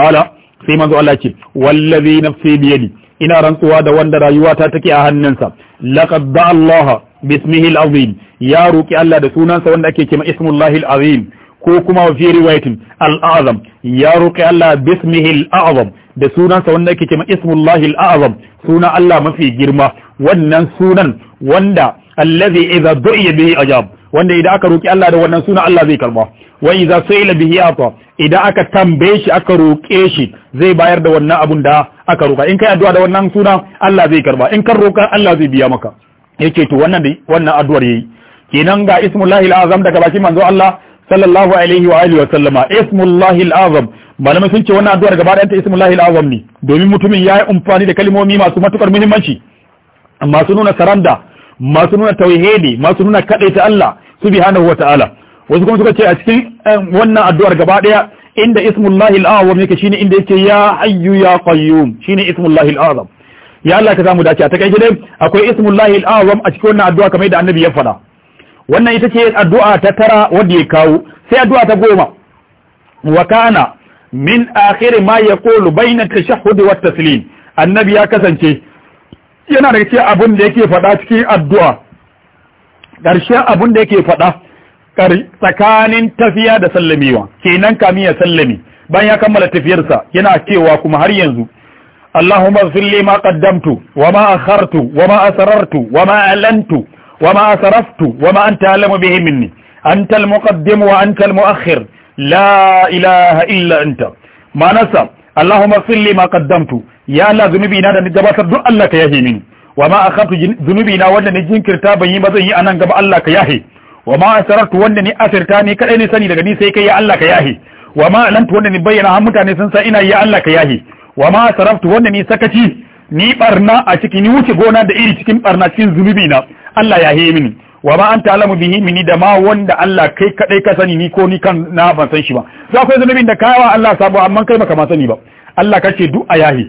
qala sai manzo Allah ce wallazi nafsi bi yadi ina rantsuwa da wanda rayuwata take a hannunsa laqad da Allah bismihi al-azim ya roki Allah da sunansa wanda ake cewa ismullahi al-azim ko kuma fi riwayatin al-azam ya roki Allah bismihi al-azam da sunansa wanda ake cewa ismullahi al-azam suna Allah mafi girma wannan sunan wanda allazi idza du'iya bihi ajab wanda idan aka roki Allah da wannan suna Allah zai karba wa idza su'ila bihi ata idan aka tambaye shi aka roke shi zai bayar da wannan abun da aka roka in kai addu'a da wannan suna Allah zai karba in kan roka Allah zai biya maka yake to wannan wannan addu'ar yayi kenan ga ismullahi al'azam daga bakin manzo Allah sallallahu alaihi wa alihi wa sallama ismullahi al'azam malamai sun ce wannan addu'ar gaba ɗayanta ismullahi al'azam ne domin mutumin ya yi amfani da kalmomi masu matukar muhimmanci masu nuna saranda masu nuna tauhidi masu nuna kadaita Allah subhanahu wataala wasu kuma suka ce a cikin um, wannan addu'ar gaba daya inda ismullahi al'azam yake shine inda yake ya hayyu ya qayyum shine ismullahi al'azam ya Allah ka samu dace a takaice dai akwai ismullahi al'azam a cikin wannan addu'a kamar da annabi ya faɗa wannan ita ce addu'a ta tara wanda ya kawo sai addu'a ta goma wa kana min akhir ma yaqulu bayna tashahhud wa taslim annabi ya kasance yana da ke abin da yake fada cikin addu’a ƙarshen abin da yake fada tsakanin tafiya da sallamewa ke nan kami ya sallami ban ya kammala tafiyarsa yana cewa kuma har yanzu Allahumma zille ma ƙaddamtu wa ma akhartu wa ma asarartu wa ma alantu wa ma asaraftu wa an ta'alamu bihi minni antal muqaddim wa la ilaha illa anta manasa Allahumma silli ma qaddamtu ya Allah zunubi na da ni gabatar duk Allah ka yahe mini wa ma akhatu zunubi na wanda ni jinkirta ban yi ba zan yi anan gaba Allah ka yahe wa ma asarartu wanda ni asirta ni kadai ne sani daga ni sai kai ya Allah ka yahe wa ma lantu wanda ni bayyana har mutane sun sa ina ya Allah ka yahe wa ma saraftu wanda ni sakaci ni barna a ciki ni wuce gona da iri cikin barna cikin zunubi na Allah yahe mini wa ma an ta'lamu bihi mini da ma wanda Allah kai kadai ka sani ni ko ni kan na ban san shi ba za ku zunubin da kawa Allah sabo amma kai baka ma sani ba Allah kace du ayahi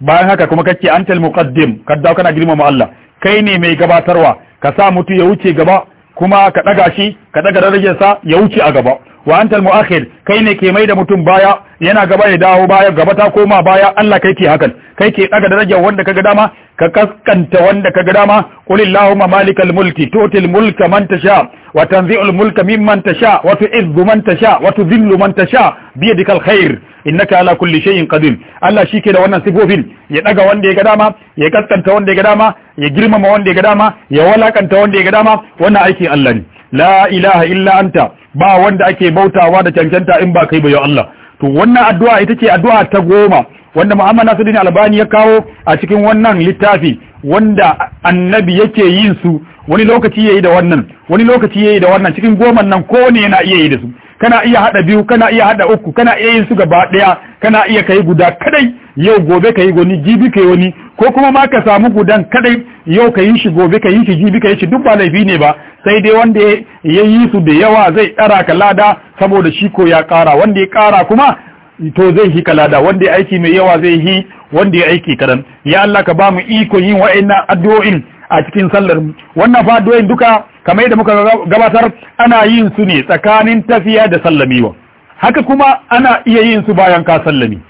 bayan haka kuma kace antal muqaddim ka dawo kana girmama Allah kai ne mai gabatarwa ka sa mutu ya wuce gaba kuma ka daga shi ka daga darajar sa ya wuce a gaba wa antal muakhir kai ne ke mai da mutum baya yana gaba ya dawo baya gaba ta koma baya Allah kai ke hakan kai ke daga darajar wanda kaga dama ka kaskanta wanda kaga dama qul illahumma malikal mulki tutil mulka man tasha wa tanzi'ul mulka mimman tasha wa tu'izzu man tasha wa tudhillu man tasha biyadikal khair innaka ala kulli shay'in qadir Allah shike da wannan sifofin ya daga wanda ya ga dama ya kaskanta wanda ya ga dama ya girmama wanda ya ga dama ya walakanta wanda ya ga dama wannan aikin Allah ne la ilaha illa anta ba wanda ake bautawa da cancanta in ba kai ba ya Allah to wannan addu'a ita ce addu'a ta goma wanda Muhammad Nasiruddin Albani ya kawo a cikin wannan littafi wanda annabi yake yin su wani lokaci yayi da wannan wani lokaci yayi da wannan cikin goman nan ne yana iya yi da su kana iya hada biyu kana iya hada uku kana iya yin su gaba daya kana iya kai guda kadai yau gobe ka yi wani jibi ka yi wani ko kuma ma ka samu gudan kadai yau ka yi shi gobe ka yi shi jibi ka yi shi duk ba laifi ne ba sai dai wanda ya yi su da yawa zai ɗara ka lada saboda shi ko ya ƙara wanda ya ƙara kuma to zai hi kalada wanda ya aiki mai yawa zai hi wanda ya aiki kadan ya Allah ka ba mu iko yin wa'annan addu'o'in a cikin sallar mu wannan fa duka kamar yadda muka gabatar ana yin su ne tsakanin tafiya da sallamiwa haka kuma ana iya yin su bayan ka sallami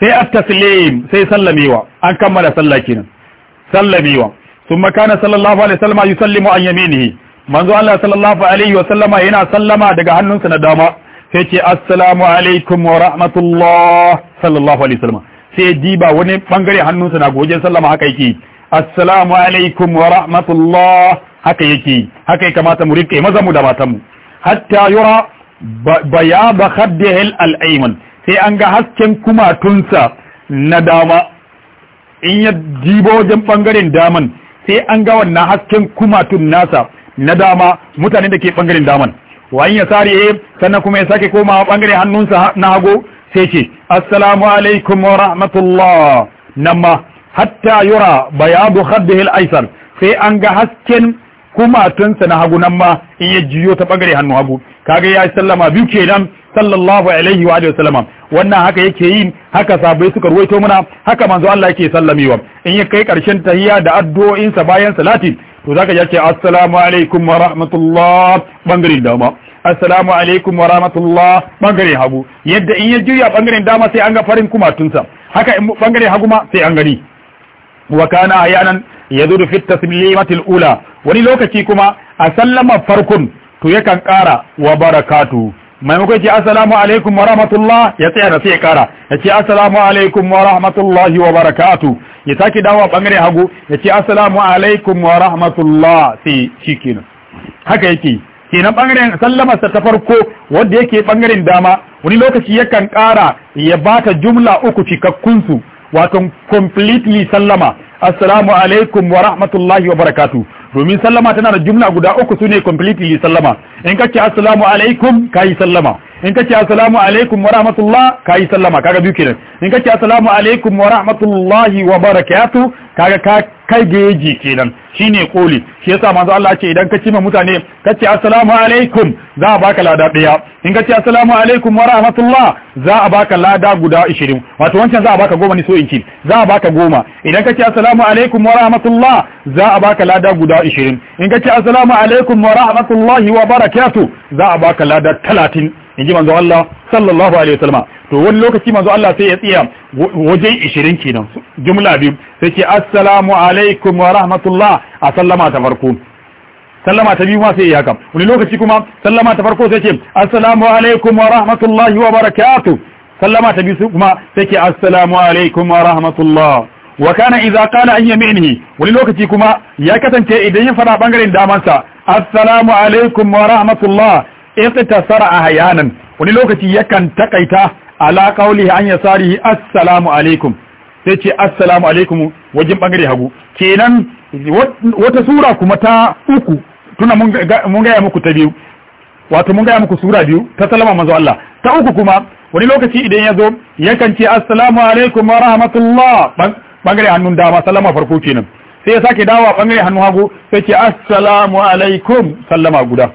sai at-taslim sai sallamewa an kammala sallah kenan sallamewa thumma kana sallallahu alaihi wasallam yusallimu an yaminihi manzo Allah sallallahu alaihi wasallama yana sallama daga hannunsa na dama sai ce assalamu alaikum wa rahmatullah sallallahu alaihi wasallam sai diba wani bangare hannunsa na gojen sallama haka yake assalamu alaikum wa rahmatullah haka yake haka ya kamata mu rike maza mu da matan mu hatta yura bayaba khaddihil al-ayman sai an ga hasken kumatunsa na dama in ya jibo wajen bangaren daman sai an ga wannan hasken kumatun nasa na dama mutane da ke bangaren daman wayan ya sare sannan kuma ya sake komawa ɓangaren hannunsa na hago sai ce assalamu alaikum wa rahmatullah nan ma hatta yura bayadu da al-aysar sai an ga hasken kumatunsa na hagu nan ma in ya jiyo ta bangare hannu hagu kaga ya sallama biyu kenan sallallahu alaihi wa alihi wasallama wannan haka yake yi haka sabai suka ruwaito muna haka manzo Allah yake sallamewa in ya kai karshen tahiyya da addu'o'in sa bayan salati to zaka ji ce assalamu alaikum wa rahmatullah bangaren dama assalamu alaikum wa rahmatullah bangaren hagu yadda in ya juya bangaren dama sai an ga farin sa, haka in bangaren hagu ma sai an gani wa kana ayanan yazudu fit taslimatil ula wani lokaci kuma a sallama farkon to yakan ƙara wa barakatu maimakon ce assalamu alaikum wa rahmatullah ya tsaya da sai ya kara ya ce assalamu alaikum wa rahmatullah wa barakatu ya sake dawo bangare hagu ya ce assalamu alaikum wa rahmatullah sai cikin. haka yake kenan bangaren sa ta farko wanda yake bangaren dama wani lokaci yakan ƙara ya bata jumla uku cikakkunsu wato completely sallama assalamu alaikum wa rahmatullahi wa barakatu domin sallama tana da jumla guda uku su ne completely sallama in ka ce assalamu alaikum ka yi sallama in ka ce assalamu alaikum wa rahmatullah ka yi sallama kaga biyu kenan in ka ce assalamu alaikum wa rahmatullahi wa barakatu kaga ka kai da yaji kenan shine koli shi yasa manzo Allah ce idan ka ci ma mutane ka ce assalamu alaikum za a baka lada daya in ka ce assalamu alaikum wa rahmatullah za a baka lada guda 20 wato wancan za a baka goma ne so in ci za a baka goma idan ka ce assalamu alaikum wa rahmatullah za a baka lada guda 20 in ka ce assalamu alaikum wa rahmatullahi wa barakatuh za a baka lada 30 inji manzo Allah sallallahu alaihi wasallam to wani lokaci manzo Allah sai ya tsiya waje 20 kenan jumla biyu sai ce assalamu alaikum wa rahmatullah a sallama ta farko sallama ta biyu ma sai ya haka wani lokaci kuma sallama ta farko sai ce assalamu alaikum wa rahmatullah wa barakatuh sallama ta biyu kuma sai ce assalamu alaikum wa rahmatullah wa kana idza qala an yaminihi wani lokaci kuma ya kasance idan ya fara bangaren damansa assalamu alaikum wa rahmatullah a ahyanan wani lokaci yakan takaita ala kauli an ya sari assalamu alaikum sai ce assalamu alaikum wajen bangare hagu kenan wata sura kuma ta uku tuna mun gaya muku ta biyu wato mun gaya muku sura biyu ta salama manzo Allah ta uku kuma wani lokaci idan ya zo yakan ce assalamu alaikum wa rahmatullah bangare hannun dama sallama farko kenan sai ya sake dawa bangare hannun hagu sai ce assalamu alaikum sallama guda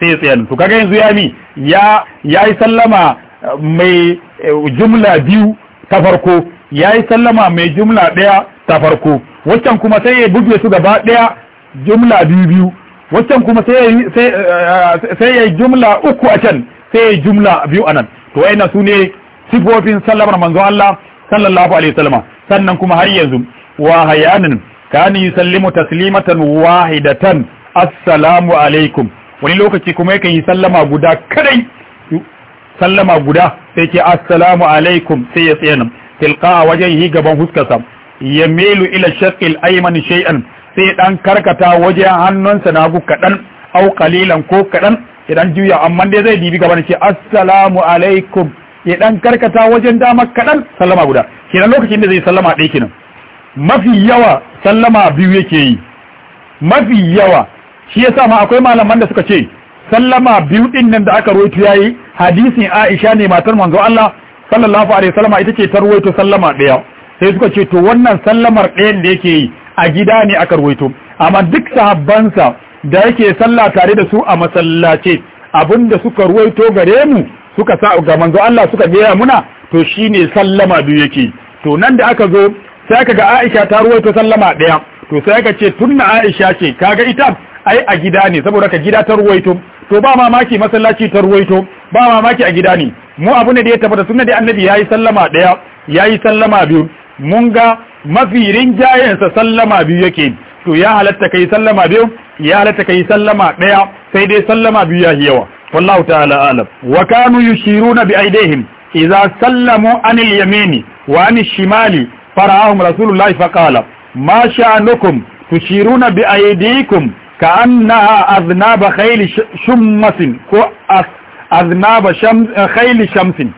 sai ya tsaya to kaga yanzu ya mi ya yi sallama eh, mai eh, jumla biyu ta farko ya yi sallama mai jumla ɗaya ta farko waccan kuma sai ya buge su gaba ɗaya jumla biyu biyu waccan kuma sai ya yi eh, jumla uku a can sai ya yi jumla biyu a nan to wa'ina su ne sifofin sallamar manzon Allah sallallahu alaihi wasallam sannan kuma har yanzu wa hayanin kani yusallimu taslimatan wahidatan assalamu alaikum wani lokaci kuma yakan yi sallama guda kadai sallama guda sai ce assalamu alaikum sai ya tsaya nan tilqa wajen yi gaban huskarsa ya melu ila shaqil ayman shay'an sai dan karkata wajen hannunsa na hagu kadan au qalilan ko kadan idan juya amma dai zai dibi gaban ce assalamu alaikum ya dan karkata wajen dama kadan sallama guda kenan lokacin da zai sallama ɗaya kenan mafi yawa sallama biyu yake yi mafi yawa shi yasa ma akwai malaman da suka ce sallama biyu din nan da aka ya yayi hadisin Aisha ne matar manzo Allah sallallahu alaihi wasallama ita ce ta rawaito sallama daya sai suka ce to wannan sallamar ɗayan da yake yi a gida ne aka rawaito amma duk sahabbansa da yake sallah tare da su a masallace da suka ruwaito gare mu suka sa ga manzo Allah suka gaya muna to shine sallama biyu yake to nan da aka zo sai aka ga Aisha ta ruwaito sallama ɗaya to sai aka ce tunna Aisha ce kaga ita ai a gida ne saboda ka gida ta ruwaito to ba mamaki masallaci ta ruwaito ba mamaki a gida ne mu abu ne da ya tabbata sunna da annabi yayi sallama daya yayi sallama biyu mun ga mafi rinjayen sa sallama biyu yake to ya halatta kai sallama biyu ya halatta kai sallama daya sai dai sallama biyu ya yawa wallahu ta'ala alam wa kanu yushiruna bi aidihim idza sallamu anil yamini wa anil shimali fara'ahum rasulullahi faqala ma sha'anukum tushiruna bi aidikum ka annaha aznaba khayli shummasin ko aznaba khayli shamsin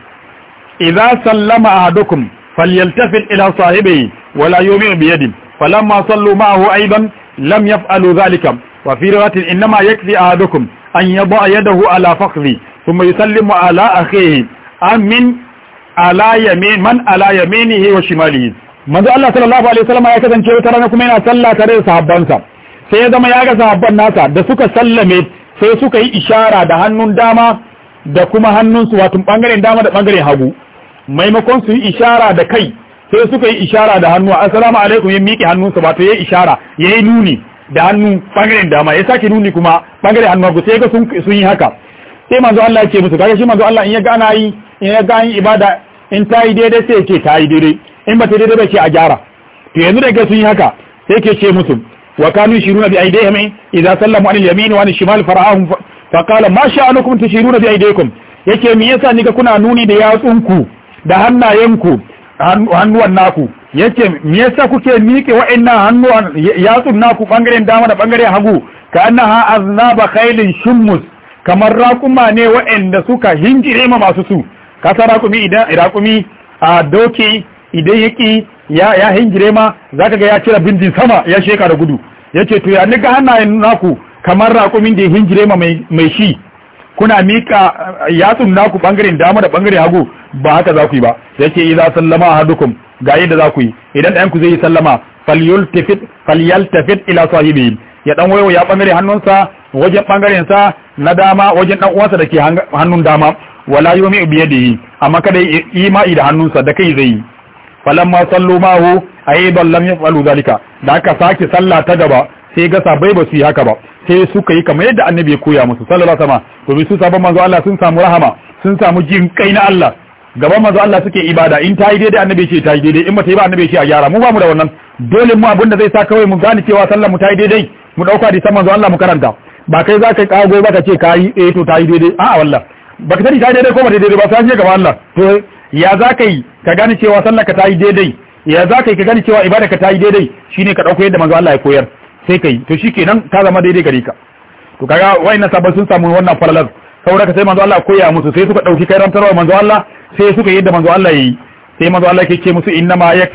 idza sallama ahadukum falyaltafit ila sahibihi wala yumi' bi yadihi falamma sallu ma'ahu aidan lam yaf'alu dhalika wa fi riwayatin innama yakfi ahadukum an yada yadahu ala fakhdi thumma yusallimu ala akhihi amin ala yamin man ala yaminihi wa shimalihi manzo Allah sallallahu alaihi wasallam ya kasance wata rana kuma yana sallah tare da sahabbansa sai ya zama ya ga sahabban nasa da suka sallame sai suka yi ishara da hannun dama da kuma hannunsu wato bangaren dama da bangaren hagu maimakon su yi ishara da kai sai suka yi ishara da hannu assalamu alaikum ya miƙe hannunsa wato ya yi ishara ya yi nuni da hannu bangaren dama ya sake nuni kuma bangaren hannu hagu sai ga sun yi haka sai manzo Allah ya ce musu kaga shi manzo Allah in ya ga ana yi in ya ga ibada in ta yi daidai sai ya ce ta yi daidai in ba ta daidai ba ce a gyara to yanzu da ga sun yi haka sai ke ce musu wa يشيرون بأيديهم إذا سلموا عن اليمين وعن الشمال فرعاهم فقال ما al-shimal fara'ahum fa qala ma sha'anukum tashiruna bi aydikum yake me yasa ni ga kuna nuni da yatsunku da hannayenku hannuwan naku yake me yasa kuke miƙe wa'annan hannuwan yatsun naku bangaren dama da bangaren hagu ka annaha aznaba khailin shummus kamar raƙuma ne wa'anda suka hinjire ma masu su sa raƙumi idan raƙumi a doki idan yaki ya ya hingire ma zaka ga ya cire bindin sama ya sheka da gudu ya ce to ya nika hannayen naku kamar raƙumin da ya hingire ma mai shi kuna mika eh, yatsun naku bangaren dama da bangaren hagu ba haka za ku yi ba yace idza sallama ahadukum ga yadda za ku yi idan ɗayan ku zai yi sallama falyultafit falyaltafit ila sahibi ya dan wayo ya bangare hannunsa wajen bangaren sa na dama wajen dan uwansa dake hannun dama wala yumi da yi amma kada yi ma'i da hannunsa da kai zai yi falamma sallu ma'ahu aidan lam yafalu zalika da aka sake sallah ta gaba sai ga sabai ba su yi haka ba sai suka yi kamar yadda annabi ya koya musu sallallahu alaihi wasallam domin su sabon manzo Allah sun samu rahama sun samu jin kai na Allah gaban manzo Allah suke ibada in ta yi daidai annabi ce ta yi daidai in ba ta yi ba annabi ce a gyara mu ba mu da wannan dole mu abinda zai sa kawai mu gane cewa sallar mu ta yi daidai mu dauka da manzo Allah mu karanta ba kai za ka kago ba ka ce ka yi eh to ta yi daidai a'a wallahi ba ka sani ta yi daidai ko ba daidai ba sai an je gaban Allah to ya za ka yi ka gani cewa sallar ka ta yi daidai ya za ka yi ka gani cewa ibada ka ta yi daidai shi ne ka ɗauko yadda manzo Allah ya koyar sai ka yi to shi kenan ta zama daidai gare ka to kaga wayannan sabon sun samu wannan falalar saboda ka sai manzo Allah koya musu sai suka ɗauki kai rantarwa manzo Allah sai suka yadda manzo Allah ya yi sai manzo Allah ke ce musu innama a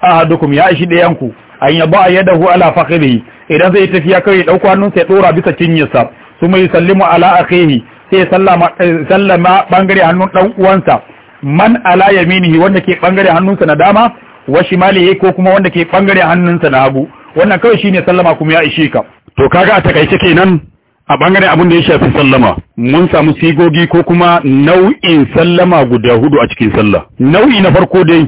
ahadukum ya ishi dayan ku an yaba hu ala fakhrihi idan zai tafiya kai ɗauko hannun sai ɗora bisa cinyarsa mai sallimu ala akhihi sai sallama eh, sallama bangare hannun dan uwansa man ala yaminihi wanda ke bangare hannunsa na dama wa shimalihi ko kuma wanda ke bangare hannunsa na hagu wannan kawai shine sallama kuma ya ishe ka to kaga a takaice kenan a bangaren abin da ya shafi sallama mun samu sigogi ko kuma nau'in sallama guda hudu a cikin sallah nau'i na farko dai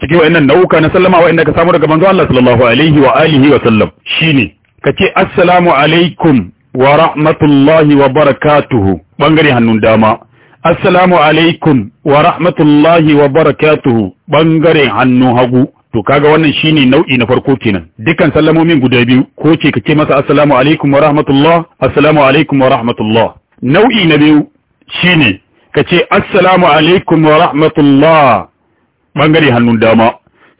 cikin wa'annan nau'uka na sallama wa'anda ka samu daga manzo Allah sallallahu alaihi wa alihi wa sallam shine kace assalamu alaikum wa rahmatullahi wa barakatuhu bangare hannun dama assalamu alaikum wa rahmatullahi wa barakatuhu bangare hannu hagu to kaga wannan shine nau'i na farko kenan dukkan sallamomin guda biyu ko ce kake masa assalamu alaikum wa rahmatullah assalamu alaikum wa rahmatullah nau'i na biyu shine ce assalamu alaikum wa rahmatullah bangare hannun dama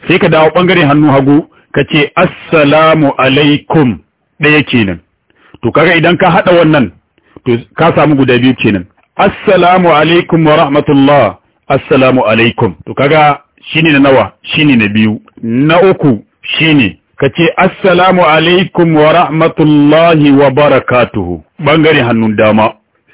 sai ka dawo bangare hannu hagu ka ce assalamu alaikum ɗaya kenan to kaga idan ka hada wannan to ka samu guda biyu kenan assalamu alaikum wa rahmatullah assalamu alaikum to kaga shine na nawa shine na biyu na uku shine ce assalamu alaikum wa rahmatullahi wa barakatuhu bangare hannun dama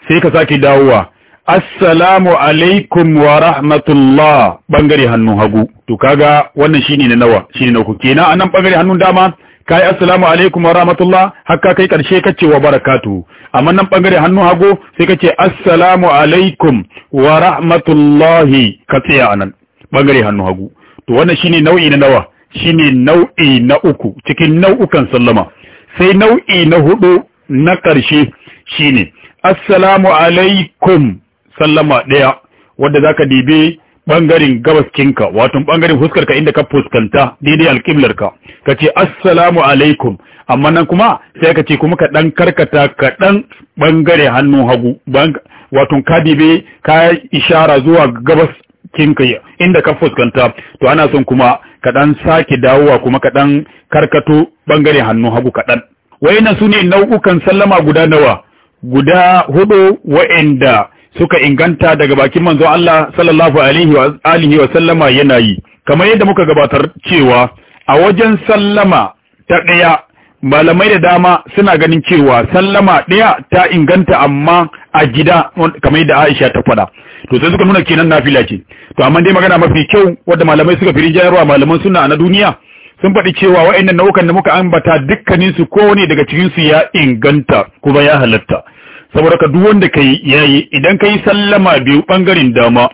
sai ka sake dawowa assalamu alaikum wa rahmatullah bangare hannun hagu to kaga wannan shine na nawa shine na uku kenan nan bangare hannun dama kai assalamu alaikum wa rahmatullah hakka kai karshe kace wa barakatu amma nan bangare hannu hago sai kace assalamu alaikum wa rahmatullahi ka tsaya anan bangare hannu hagu to wannan shine nau'i na nawa shine nau'i na uku cikin nau'ukan sallama sai nau'i na hudu na karshe shine assalamu alaikum sallama daya wanda zaka dibe bangaren gabaskinka wato bangaren fuskarka inda ka fuskanta daidai alƙiblarka ka ce assalamu alaikum amma nan kuma sai ka ce kuma ka dan karkata ka dan bangare hannun hagu wato ka dibe ka ishara zuwa gabas inda ka fuskanta to ana son kuma ka dan sake dawowa kuma ka dan karkato bangare hannu hagu ka dan wayannan sune nau'ukan sallama guda nawa guda hudu wa'anda suka inganta daga bakin manzo Allah sallallahu alaihi wa alihi wa sallama yana yi kamar yadda muka gabatar cewa a wajen sallama ta daya malamai da dama suna ganin cewa sallama daya ta inganta amma a gida kamar yadda Aisha ta faɗa to sai suka nuna kenan nafila ce to amma dai magana mafi kyau wanda malamai suka fi jayarwa malaman sunna na duniya sun faɗi cewa wa'annan nau'ukan da muka ambata dukkaninsu kowane daga cikin su ya inganta kuma ya halatta saboda ka duk wanda yi, yayi idan kai sallama biyu bangaren dama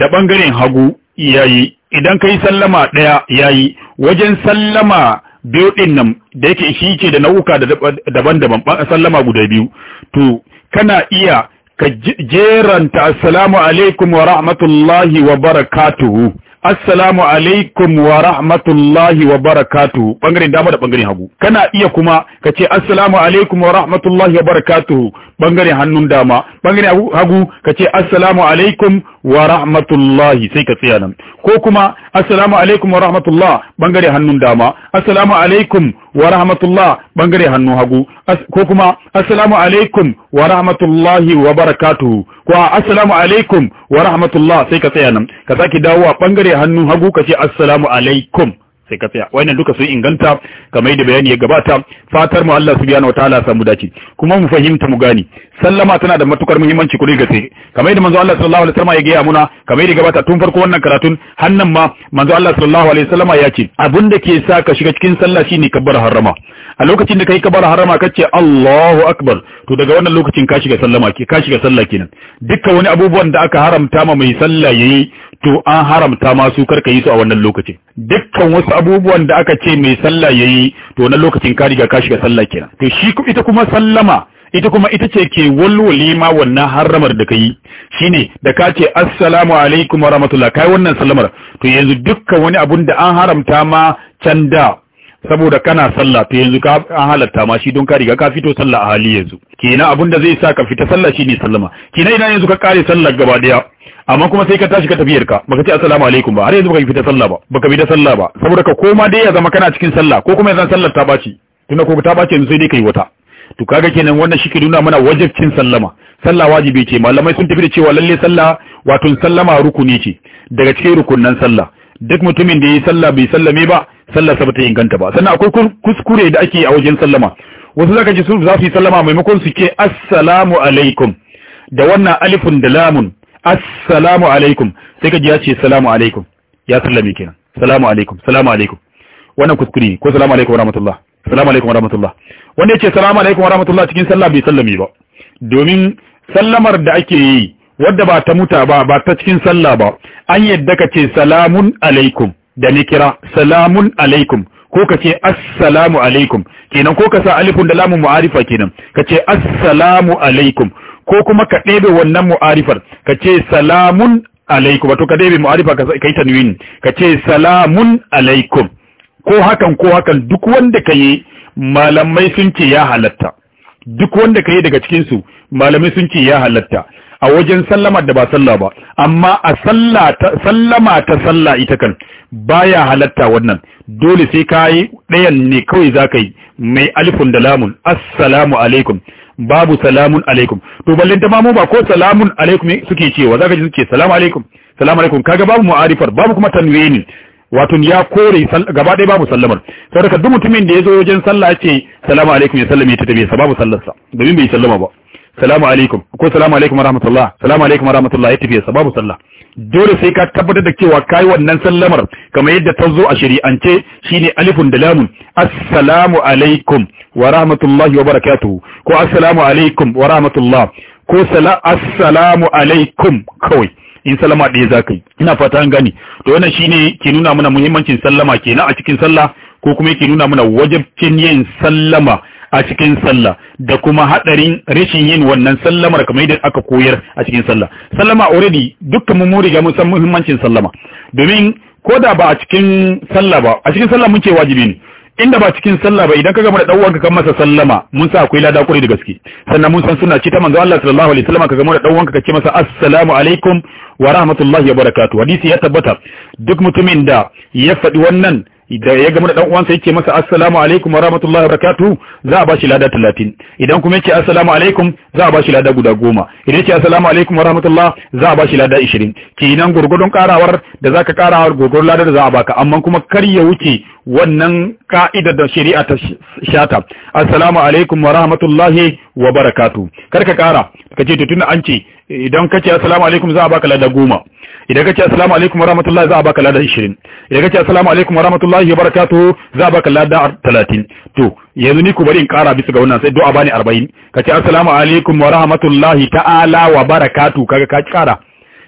da bangaren hagu yayi idan yi sallama daya yayi wajen sallama biyu din nan da yake shi ke da nau'uka daban-daban sallama guda biyu to kana iya ka jeranta assalamu alaikum wa rahmatullahi wa barakatuhu assalamu alaikum wa rahmatullahi wa barakatu bangaren dama da bangaren hagu kana iya kuma ka ce assalamu alaikum wa rahmatullahi wa barakatu. bangaren hannun dama bangaren hagu ka ce assalamu alaikum wa rahmatullahi sai ka tsaya nan ko kuma assalamu alaikum wa rahmatullah bangare hannun dama assalamu alaikum wa rahmatullah bangare hannun hagu ko kuma assalamu alaikum wa rahmatullahi wa barakatuhu ko assalamu alaikum wa rahmatullah sai ka tsaya nan ka saki dawowa bangare hannun hagu ka ce assalamu alaikum sai ka tsaya wannan duka sun inganta kamar yadda bayani ya gabata fatar mu Allah subhanahu wataala samu dace kuma mu fahimta mu gani sallama tana da matukar muhimmanci kuri gaske kamar yadda manzo Allah sallallahu alaihi wasallam ya gaya muna kamar yadda gabata tun farko wannan karatun hannan ma manzo Allah sallallahu alaihi wasallam ya ce abinda ke sa ka shiga cikin sallah shine kabbar harama a lokacin da kai kabbar harama kace Allahu akbar to daga wannan lokacin ka shiga sallama ke ka shiga sallah kenan dukkan wani abubuwan da aka haramta ma mai sallah yayi to an haramta ma su karka yi su a wannan lokacin dukkan wasu abubuwan da aka ce mai sallah yayi to wannan lokacin ka riga ka shiga sallah kenan to shi ita kuma sallama ita kuma ita ce ke walwali ma wannan haramar da kai shine da ka ce assalamu alaikum wa rahmatullah kai wannan sallamar to yanzu dukkan wani abun da an haramta ma can da saboda kana sallah to yanzu ka an halatta ma shi don ka riga ka fito sallah a hali yanzu kenan abun da zai sa ka fita sallah shine sallama kenan idan yanzu ka kare sallah gaba daya amma kuma sai ka tashi ka tafiyar ka baka ce assalamu alaikum ba har yanzu baka fita sallah ba baka bi da sallah ba saboda ka koma dai ya zama kana cikin sallah ko kuma ya zama sallar ta baci tunda ko ta baci yanzu sai dai kai wata to kaga kenan wannan shi ke nuna mana wajibcin sallama sallah wajibi ce malamai sun tafi da cewa lalle sallah wato sallama rukuni ce daga cikin rukunnan sallah duk mutumin da yi sallah bai sallame ba sallah sa bata inganta ba sannan akwai kuskure da ake a wajen sallama wasu zaka ji su za su yi sallama maimakon su ce assalamu alaikum da wannan alifun da lamun assalamu alaikum sai ka ji ya ce salamu alaikum ya sallame kenan salamu alaikum salamu alaikum wannan kuskure ko salamu alaikum wa rahmatullah salamu alaikum wa rahmatullah wanda ya ce salamu alaikum wa rahmatullah cikin sallah bai sallame ba domin sallamar da ake yi wadda ba ta muta ba ba ta cikin sallah ba an yadda ka ce salamun alaikum da ni kira salamun alaikum ko ka ce assalamu alaikum kenan ko ka sa alifun da lamun mu'arifa kenan ka ce assalamu alaikum ko kuma ka ɗebe wannan mu'arifar ka ce salamun alaikum wato ka ɗebe mu'arifa ka yi tanwini ka ce salamun alaikum ko hakan ko hakan duk wanda ka yi malamai sun ce ya halatta duk wanda ka yi daga cikinsu malamai sun ce ya halatta a wajen sallama da ba salla ba amma a sallama ta salla ita kan baya halatta wannan dole sai ka yi ɗayan ne kawai za ka yi mai alifun da lamun assalamu alaikum babu salamun alaikum to ballin ta mamu ba ko salamun alaikum suke cewa zaka ji suke salamu alaikum salamu alaikum kaga babu mu'arifar babu kuma tanwini wato ya kore gaba ɗaya babu sallamar sau daga duk mutumin da ya zo wajen sallah ce salamu alaikum ya sallame ta tabi sa babu sallarsa domin bai sallama ba salamu alaikum ko salamu alaikum rahmatullah salamu alaikum rahmatullah ya tafiya sababu sallah dole sai ka tabbatar da cewa kai wannan sallamar kamar yadda ta zo a shari'ance shine alifun da lamun assalamu alaikum wa rahmatullahi wa barakatuh ko assalamu alaikum wa rahmatullah ko sala assalamu alaikum kawai in sallama ɗaya za ka yi ina fata an gani to wannan shine ke nuna mana muhimmancin sallama kenan a cikin sallah ko kuma ke nuna mana wajibcin yin sallama a cikin sallah da kuma hadarin rashin yin wannan sallamar kamar yadda aka koyar a cikin sallah sallama already dukkan mun riga mun san muhimmancin sallama domin ko da ba a cikin sallah ba a cikin sallah mun ce wajibi ne inda ba cikin sallah ba idan ka gama da dan uwanka kan masa sallama mun sa akwai lada kuri da gaske sannan mun san suna ce ta manzo Allah sallallahu alaihi wasallam ka gama da dan uwanka ka ce masa assalamu alaikum wa rahmatullahi wa barakatuh hadisi ya tabbata duk mutumin da ya faɗi wannan da ya gama da dan uwansa yake masa assalamu alaikum wa rahmatullahi wa barakatuh za a ba shi lada 30 idan kuma yake assalamu alaikum za a ba shi lada guda 10 idan yake assalamu alaikum wa rahmatullah za a ba shi lada 20 kenan gurgurdun karawar da zaka karawar gurgurdun lada da za a baka amma kuma kar ya wuce wannan ka'idar da shari'a ta shata assalamu alaikum wa rahmatullahi wa barakatuh kar ka kara kace to tunda an ce idan kace assalamu alaikum za a baka ladar goma idan kace assalamu alaikum warahmatullahi za a baka ladar ishirin idan kace assalamu alaikum warahmatullahi wabarakatuh za a baka ladar talatin to yanzu ni ku bari in kara bisa ga wannan sai du'a bani ka kace assalamu alaikum warahmatullahi ta'ala wa barakatuh kaga ka kara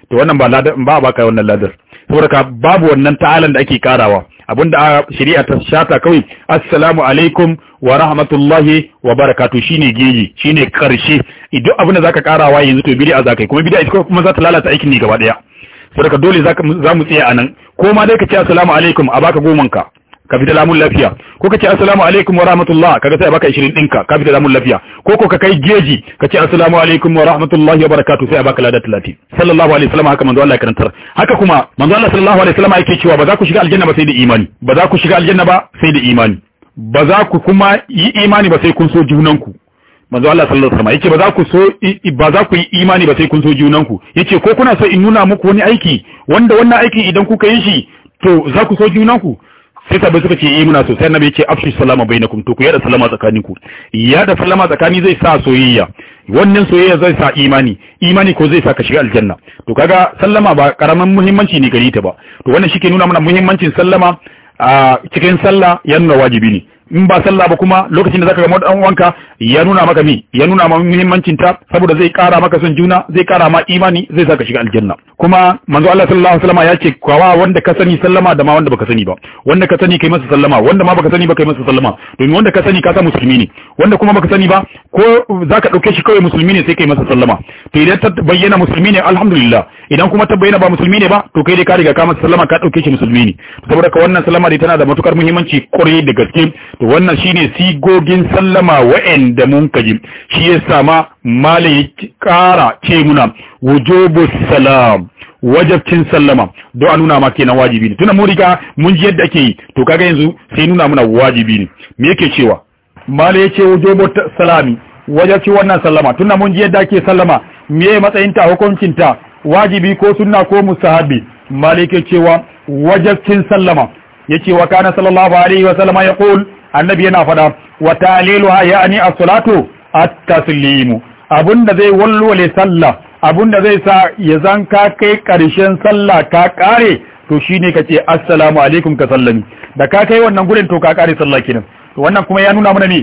to wannan ba ladar ba ba wannan ladar saboda babu wannan ta'alan da ake karawa abinda shari'a ta shata kawai assalamu alaikum wa rahmatullahi wa barakatu shine geji shine karshe idan abin da zaka karawa yanzu to bid'a zakai kuma bid'a ita kuma za ta lalata aikin ne gaba daya saboda dole zaka za mu tsaya anan ko ma dai ka ce assalamu alaikum a baka goman ka ka fita lamun lafiya ko ka ce assalamu alaikum wa rahmatullah kaga sai baka 20 dinka ka fita lamun lafiya ko ko ka kai geji ka ce assalamu alaikum wa rahmatullahi wa barakatuh sai baka lada 30 sallallahu alaihi wasallam haka manzo Allah ya karantar haka kuma manzo Allah sallallahu alaihi wasallam yake cewa ba za ku shiga aljanna ba sai da imani ba za ku shiga aljanna ba sai da imani ba za ku kuma yi imani ba sai kun so junanku manzo Allah sallallahu alaihi wasallam yace ba za ku so ba za ku yi imani ba sai kun so junanku yace ko kuna so in nuna muku wani aiki wanda wannan aikin idan kuka yi shi to za ku so junanku sai sabai suka ce yi eh, muna so sai annabi ya ce afshi salama na to ku yada salama tsakanin ku yada salama tsakani zai sa soyayya wannan soyayya zai sa imani imani ko zai sa ka shiga aljanna to kaga sallama ba karaman muhimmanci ne gari ta ba to wannan shike nuna mana muhimmancin sallama a cikin sallah ya nuna wajibi ne in ba sallah ba kuma lokacin da zaka ga dan uwanka ya nuna maka mi ya nuna maka muhimmancin ta saboda zai kara maka son juna zai kara ma imani zai saka shiga aljanna kuma manzo Allah sallallahu alaihi wasallam ya ce kawa wanda ka sani sallama da ma wanda baka sani ba wanda ka sani kai masa sallama wanda ma baka sani ba kai masa sallama domin wanda ka sani ka sa musulmi ne wanda kuma baka sani ba ko zaka dauke shi kawai musulmi ne sai kai masa sallama to idan ta bayyana musulmi ne alhamdulillah idan kuma ta bayyana ba musulmi ne ba to kai dai ka riga ka masa sallama ka dauke shi musulmi ne saboda ka wannan sallama dai tana da matukar muhimmanci kwarai da gaske to wannan shine sigogin sallama wa'anda mun kaji shi yasa ma malai ya kara ce muna wujubu salam wajabcin sallama do a nuna ma kenan wajibi ne tuna mun riga mun ji yadda ake yi to kaga yanzu sai nuna muna wajibi ne me yake cewa malai ya ce wujubu salami wajabci wannan sallama tunan mun ji yadda ake sallama me matsayin ta hukuncin ta wajibi ko sunna ko mustahabi malike cewa wajabcin sallama yace wa kana sallallahu alaihi wa sallama yaqul annabi yana faɗa wa taliluha ya'ni as-salatu at-taslimu abunda zai walwale sallah abunda zai sa ya zanka kai karshen sallah ka kare to shine kace assalamu alaikum ka sallami da ka kai wannan gurin to ka kare sallah kenan to wannan kuma ya nuna mana ne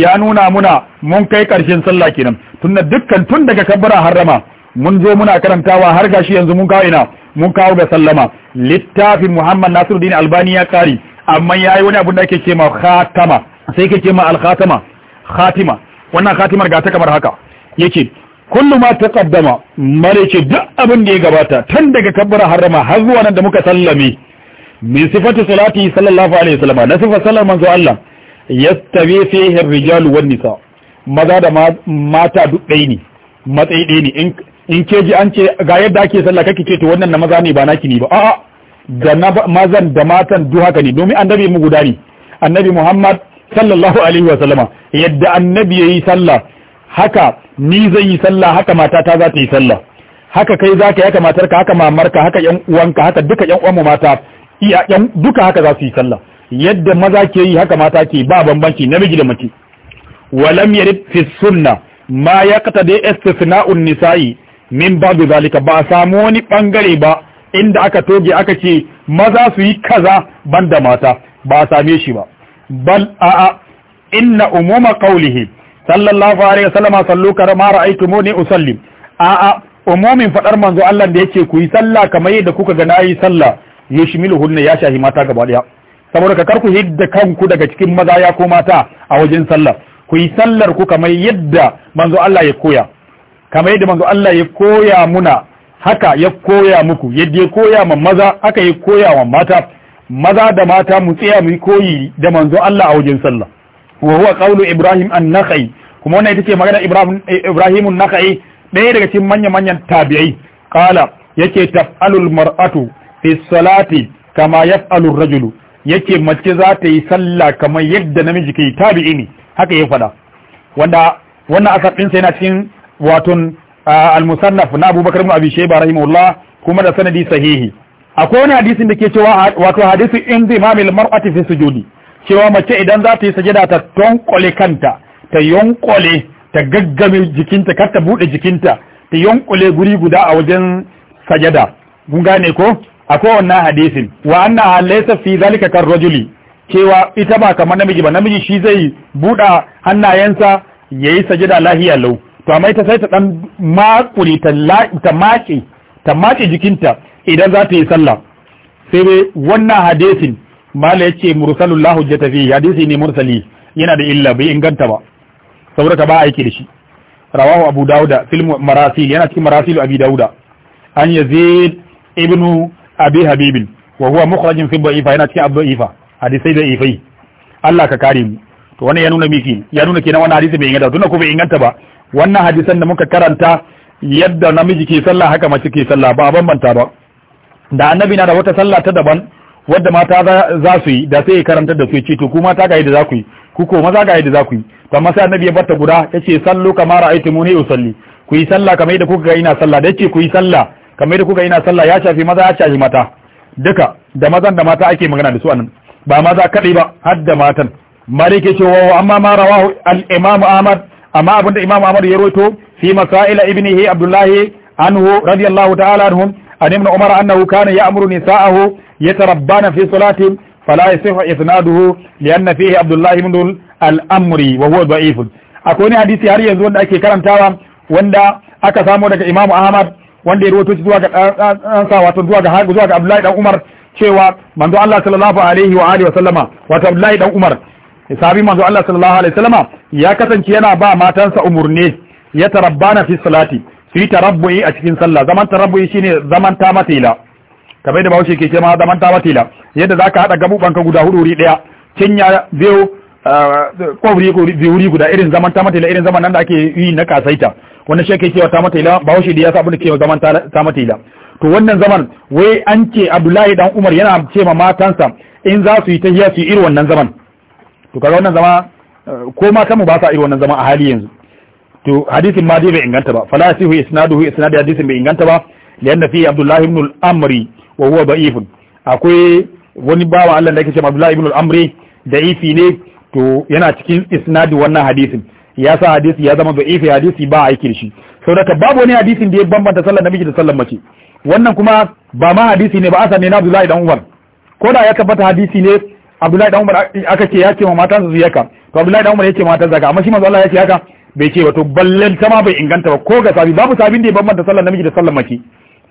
ya nuna muna mun kai karshen sallah kenan tunda dukkan tun daga kabbara harrama mun zo muna karantawa har gashi yanzu mun kawo ina mun kawo ga sallama littafin Muhammad Nasiruddin Albani ya kare. amma yi wani abin da ake ce ma khatama sai yake ce ma al khatama khatima wannan khatimar ga ta kamar haka yake kullu ma taqaddama mare ce duk abin da ya gabata tun daga kabbara harama har zuwa nan da muka sallame min sifatu salati sallallahu alaihi wasallam na sifa sallar manzo Allah yastawi fihi ar-rijal wan nisa maza da mata duk dai ne matsayi dai ne in ji an ce ga yadda ake sallah kake ce to wannan na ne ba naki ne ba a'a da mazan da matan duk haka ne domin annabi mu guda ne annabi Muhammad sallallahu alaihi wa sallama yadda annabi yayi sallah haka ni zan yi sallah haka ta za ta yi sallah haka kai za ka haka matarka haka mamarka haka yan uwanka haka duka yan uwan mata iya duka haka za su yi sallah yadda maza ke yi haka mata ke ba bambanci namiji da mace walam yarid fi sunna ma yaqtadi istisna'un nisa'i min ba'd zalika ba samu wani bangare ba inda aka toge aka ce maza su yi kaza banda mata ba a same shi ba bal a'a inna umuma qawlihi sallallahu alaihi wasallama sallu karama ra'aytumuni usalli a'a umumin fadar manzo Allah da yake ku yi sallah kamar yadda kuka ga nayi sallah hunna ya shahi mata gaba daya saboda ka karku hidda kanku daga cikin maza ya ko mata a wajen sallah ku yi sallar ku kamar yadda manzo Allah ya koya kamar yadda manzo Allah ya koya muna haka ya koya muku yadda ya koya ma maza aka yi koya wa mata maza da mata mu tsaya mu koyi da manzo Allah a wajen sallah wa huwa qawlu ibrahim an-nakhai kuma wannan ita ce magana ibrahim ibrahim an-nakhai ɗaya daga cikin manya manyan tabi'ai qala yake taf'alul mar'atu fi salati kama ar rajulu yake mace za ta yi sallah kamar yadda namiji ke tabi'i ne haka ya faɗa wanda wannan asabin sai yana cikin waton al-musannaf na abubakar ibn abi shayba rahimahullah kuma da sanadi sahihi akwai wani hadisin da ke cewa wato hadisi in zai mamil mar'ati fi sujudi cewa mace idan za ta yi sajada ta tonkole kanta ta yonkole ta gaggame jikinta kar ta bude jikinta ta yonkole guri guda a wajen sajada kun gane ko akwai wannan hadisin wa anna laysa fi zalika kar rajuli cewa ita ba kamar namiji ba namiji shi zai buɗa hannayensa yayi sajada lahiya lau to amma ita sai ta dan makuri ta ta mace ta mace jikinta idan za ta yi sallah sai dai wannan hadisin mala yace mursalullahu jata fi hadisi ne mursali yana da illa bai inganta ba saboda ba aiki da shi rawahu abu dauda fil marasil yana cikin marasil abi dauda an yazid ibnu abi habibin wa huwa mukhrajin fi da'ifa yana cikin ifa hadisai da ifai Allah ka kare mu to wannan ya nuna miki ya nuna kenan wannan hadisi bai inganta tunda ko bai inganta ba wannan hadisan da muka karanta yadda namiji ke sallah haka mace ke sallah ba a bambanta ba da annabi na da wata sallah ta daban wadda mata za su yi da sai ya karanta da su ya ce to ku mata ga yadda za ku yi ku ko maza ga yadda za ku yi to amma sai annabi ya barta guda yace sallu kama muni usalli ku yi sallah kamar yadda kuka ga ina sallah da yace ku yi sallah kamar yadda kuka ga ina sallah ya shafi maza ya shafi mata duka da mazan da mata ake magana da su anan ba maza kadai ba har da matan malik ce wa amma ma rawahu al-imam ahmad amma da imam ahmad ya roto fi masaila ibnihi abdullahi anhu radiyallahu ta'ala anhum an ibn umar annahu kana ya'muru nisa'ahu yatarabbana fi salati fala yasihu isnaduhu lianna fihi abdullah ibn al-amri wa huwa da'if akwai wani hadisi har yanzu wanda ake karantawa wanda aka samo daga imam ahmad wanda ya roto zuwa ga dan sa wato zuwa ga zuwa ga abdullahi dan umar cewa manzo Allah sallallahu alaihi wa alihi wa sallama wato abdullahi dan umar sahabi manzo Allah sallallahu alaihi wa sallama ya kasance yana ba matansa umurne ya tarabbana fi salati su yi tarabbu'i a cikin sallah zaman tarabbu'i shine zaman ta matila kamar da bahaushe ke ce ma zaman ta matila yadda zaka hada gabuban ka guda hudu daya cinya biyu ah, biyu wuri guda irin zaman ta matila irin zaman nan da ake yi na kasaita wannan shi ake cewa ta matila bahaushe da ya sa abin da ke zaman ta matila to wannan zaman wai an ce abdullahi dan umar yana ce ma matansa in za su yi ta su yi irin wannan zaman to kaga wannan zama ko ma kanmu ba sa irin wannan zama a hali yanzu to hadisin ma dai bai inganta ba fala sihu isnaduhu isnadu hadisin bai inganta ba lianna fi abdullahi ibn al-amri wa huwa da'if akwai wani bawa Allah da yake cewa abdullahi ibn al-amri da'ifi ne to yana cikin isnadu wannan hadisin ya sa hadisi ya zama da'ifi hadisi ba aiki da shi saboda babu wani hadisin da ya bambanta sallar namiji da sallar mace wannan kuma ba ma hadisi ne ba asa ne na abdullahi dan umar ko da ya tabbata hadisi ne abdullahi dan umar aka ce ya ce wa matansa su yaka to Abdullahi dan Umar yace mata zaka amma shi manzo Allah yace haka bai ce wato ballan ta ma bai inganta ba ko ga sabi babu sabin da ban manta sallar namiji da sallar mace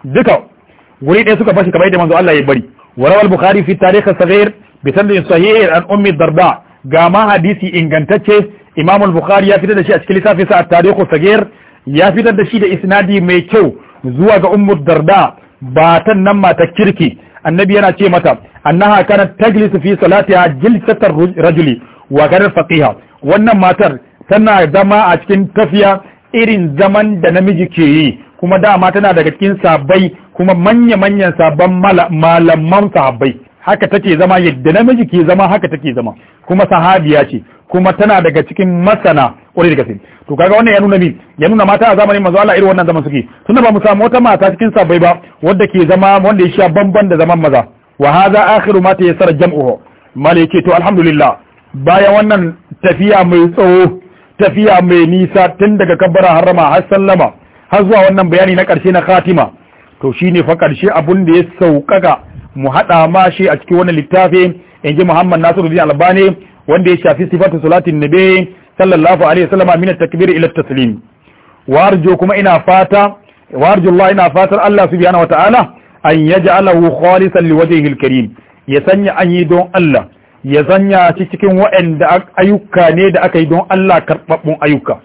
duka guri ɗaya suka bashi kamar yadda manzo Allah ya bari warawal bukhari fi tarikh as-saghir bi sanadin sahih an ummi darda ga ma hadisi ingantacce imam al-bukhari ya fitar da shi a cikin littafin sa at-tarikh as ya fitar da shi da isnadi mai kyau zuwa ga ummu darda ba nan mata kirki annabi yana ce mata annaha kanat tajlisu fi salatiha jilsatar rajuli wa gar faqiha wannan matar tana zama a cikin tafiya irin zaman da namiji ke yi kuma dama tana daga cikin sabai kuma manya-manyan sabon malaman sabai haka take zama yadda namiji ke zama haka take zama kuma sahabiya ce kuma tana daga cikin masana kwarai da gaske to kaga wannan ya nuna min ya nuna mata a zamanin manzo Allah irin wannan zaman suke tunda ba mu samu wata mata cikin sabai ba wanda ke zama wanda ya sha bamban da zaman maza wa hadha akhiru ma tayassara jam'uhu mala to alhamdulillah bayan wannan tafiya mai tsawo tafiya mai nisa tun daga kabbara harama har sallama har zuwa wannan bayani na karshe na khatima to shine fa karshe abun da ya sauƙaƙa mu haɗa ma shi a cikin wannan littafi in ji Muhammad Nasiruddin Albani wanda ya shafi sifatu salatin nabi sallallahu alaihi wasallam min at-takbir ila at-taslim warjo kuma ina fata warjo Allah ina fatar Allah subhanahu wataala an yaj'alahu khalisan liwajhihi karim ya sanya an yi don Allah ya zanya ci cikin waɗanda ayyuka ne da aka yi don Allah karɓaɓɓun ayyuka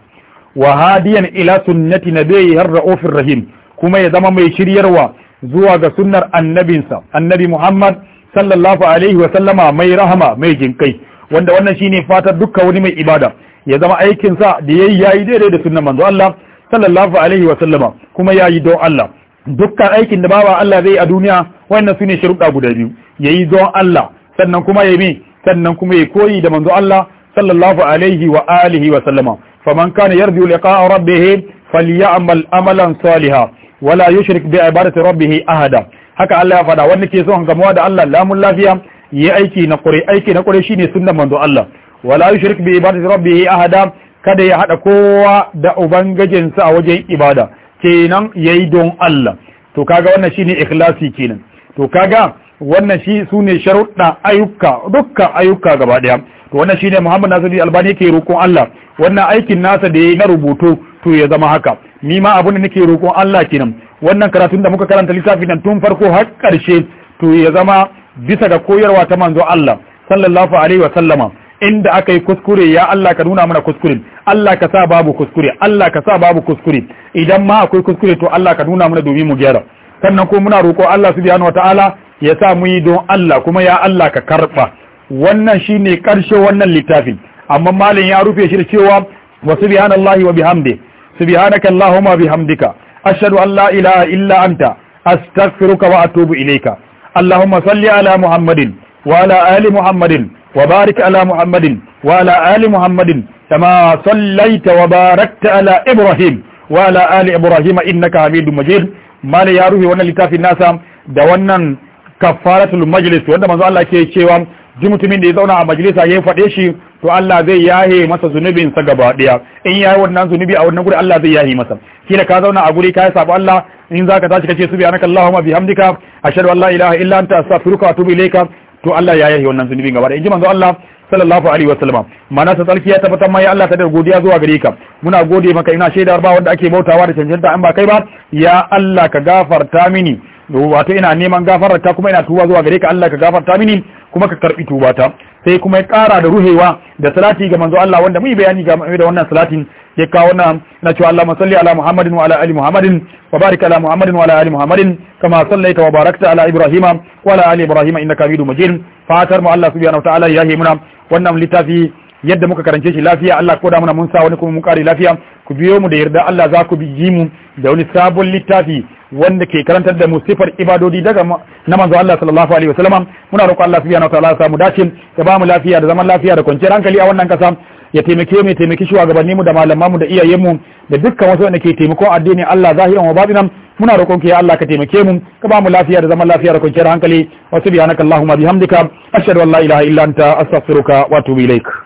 wa hadiyan ila sunnati nabiyyi har ra'ufir rahim kuma ya zama mai shiryarwa zuwa ga sunnar annabinsa annabi Muhammad sallallahu alaihi wa sallama mai rahama mai jinkai wanda wannan shine fatar duka wani mai ibada ya zama aikin sa da yayi yayi daidai da sunnar manzo Allah sallallahu alaihi wa sallama kuma yayi don Allah dukkan aikin da bawa Allah zai a duniya wannan sune sharuɗa guda biyu yayi don Allah sannan kuma ya mi sannan kuma ya koyi da manzo Allah sallallahu alaihi wa alihi wa sallama faman kana yarju liqa'a rabbih falyamal amalan saliha wala yushrik bi ibadati rabbih ahada haka Allah ya faɗa wanda ke son gamuwa da Allah lamun lafiya yi aiki na kure aiki na kure shine sunnan manzo Allah wala yushrik bi ibadati rabbih ahada kada ya hada kowa da ubangijinsa a wajen ibada kenan yayi don Allah to kaga wannan shine ikhlasi kenan to kaga wannan shi su ne sharuɗa ayyuka dukkan ayyuka gaba ɗaya to wannan shi ne Muhammad ne Albani yake roƙon Allah wannan aikin nasa da yayi na rubutu to ya zama haka ni ma abin da nake roƙon Allah kenan wannan karatun da muka karanta littafin nan tun farko har ƙarshe to ya zama bisa ga koyarwa ta manzo Allah sallallahu alaihi wa sallama inda aka yi kuskure ya Allah ka nuna mana kuskure Allah ka sa babu kuskure Allah ka sa babu kuskure idan ma akwai kuskure to Allah ka nuna mana domin mu gyara sannan ko muna roƙo Allah subhanahu wataala ya sa mu yi don Allah kuma ya Allah ka karɓa wannan shine ƙarshe wannan littafin amma malin ya rufe shi da cewa wa subhanallahi wa bihamdi subhanaka allahumma bihamdika ashhadu an la ilaha illa anta astaghfiruka wa atubu ilayka allahumma salli ala muhammadin wa ala ali muhammadin wa barik ala muhammadin wa ala ali muhammadin kama sallaita wa barakta ala ibrahim wa ala ali ibrahim innaka hamidum majid mali ya rufe wannan littafin nasa da wannan kafaratul majlis wanda manzo Allah ke cewa duk mutumin da ya zauna a majalisa ya faɗe shi to Allah zai yahe masa zunubin sa gaba daya in yayi wannan zunubi a wannan guri Allah zai yahe masa kila ka zauna a guri ka yi sabo Allah in zaka tashi kace subhanaka allahumma bihamdika ashhadu an la ilaha illa anta astaghfiruka wa atubu ilayka to Allah ya yahe wannan zunubin gaba daya ji manzo Allah sallallahu alaihi wa sallam. mana ta tsarki ya tabbatar mai Allah ta da godiya zuwa gare ka muna gode maka ina shaidar ba wanda ake bautawa da cancanta an ba kai ba ya Allah ka gafarta mini wato ina neman gafararka kuma ina tuba zuwa gare ka Allah ka gafarta mini kuma ka karbi tubata sai kuma ya kara da ruhewa da salati ga manzo Allah wanda mu bayani ga da wannan salatin ya kawo na na cewa Allah salli ala Muhammadin wa ala ali Muhammadin wa barik ala Muhammadin wa ala ali Muhammadin kama sallaita wa barakta ala Ibrahim wa ala ali Ibrahim innaka Hamidum Majid fatar mu Allah subhanahu wa ta'ala ya yi muna wannan littafi yadda muka karance shi lafiya Allah ko muna mun sa wani kuma mun kare lafiya ku biyo mu da yarda Allah za ku bi mu da wani sabon littafi wanda ke karantar da mu sifar ibadodi daga na manzo Allah sallallahu alaihi wasallam muna roƙon Allah subhanahu wataala ya samu dace ya ba mu lafiya da zaman lafiya da kwanciyar hankali a wannan kasa ya taimake mu ya taimaki shugabanni mu da malaman mu da iyayen mu da dukkan wasu wanda ke taimakon addini Allah zahiran wa batinan muna roƙon ka ya Allah ka taimake mu ka ba mu lafiya da zaman lafiya da kwanciyar hankali wa subhanaka allahumma bihamdika ashhadu an la ilaha illa anta astaghfiruka wa atubu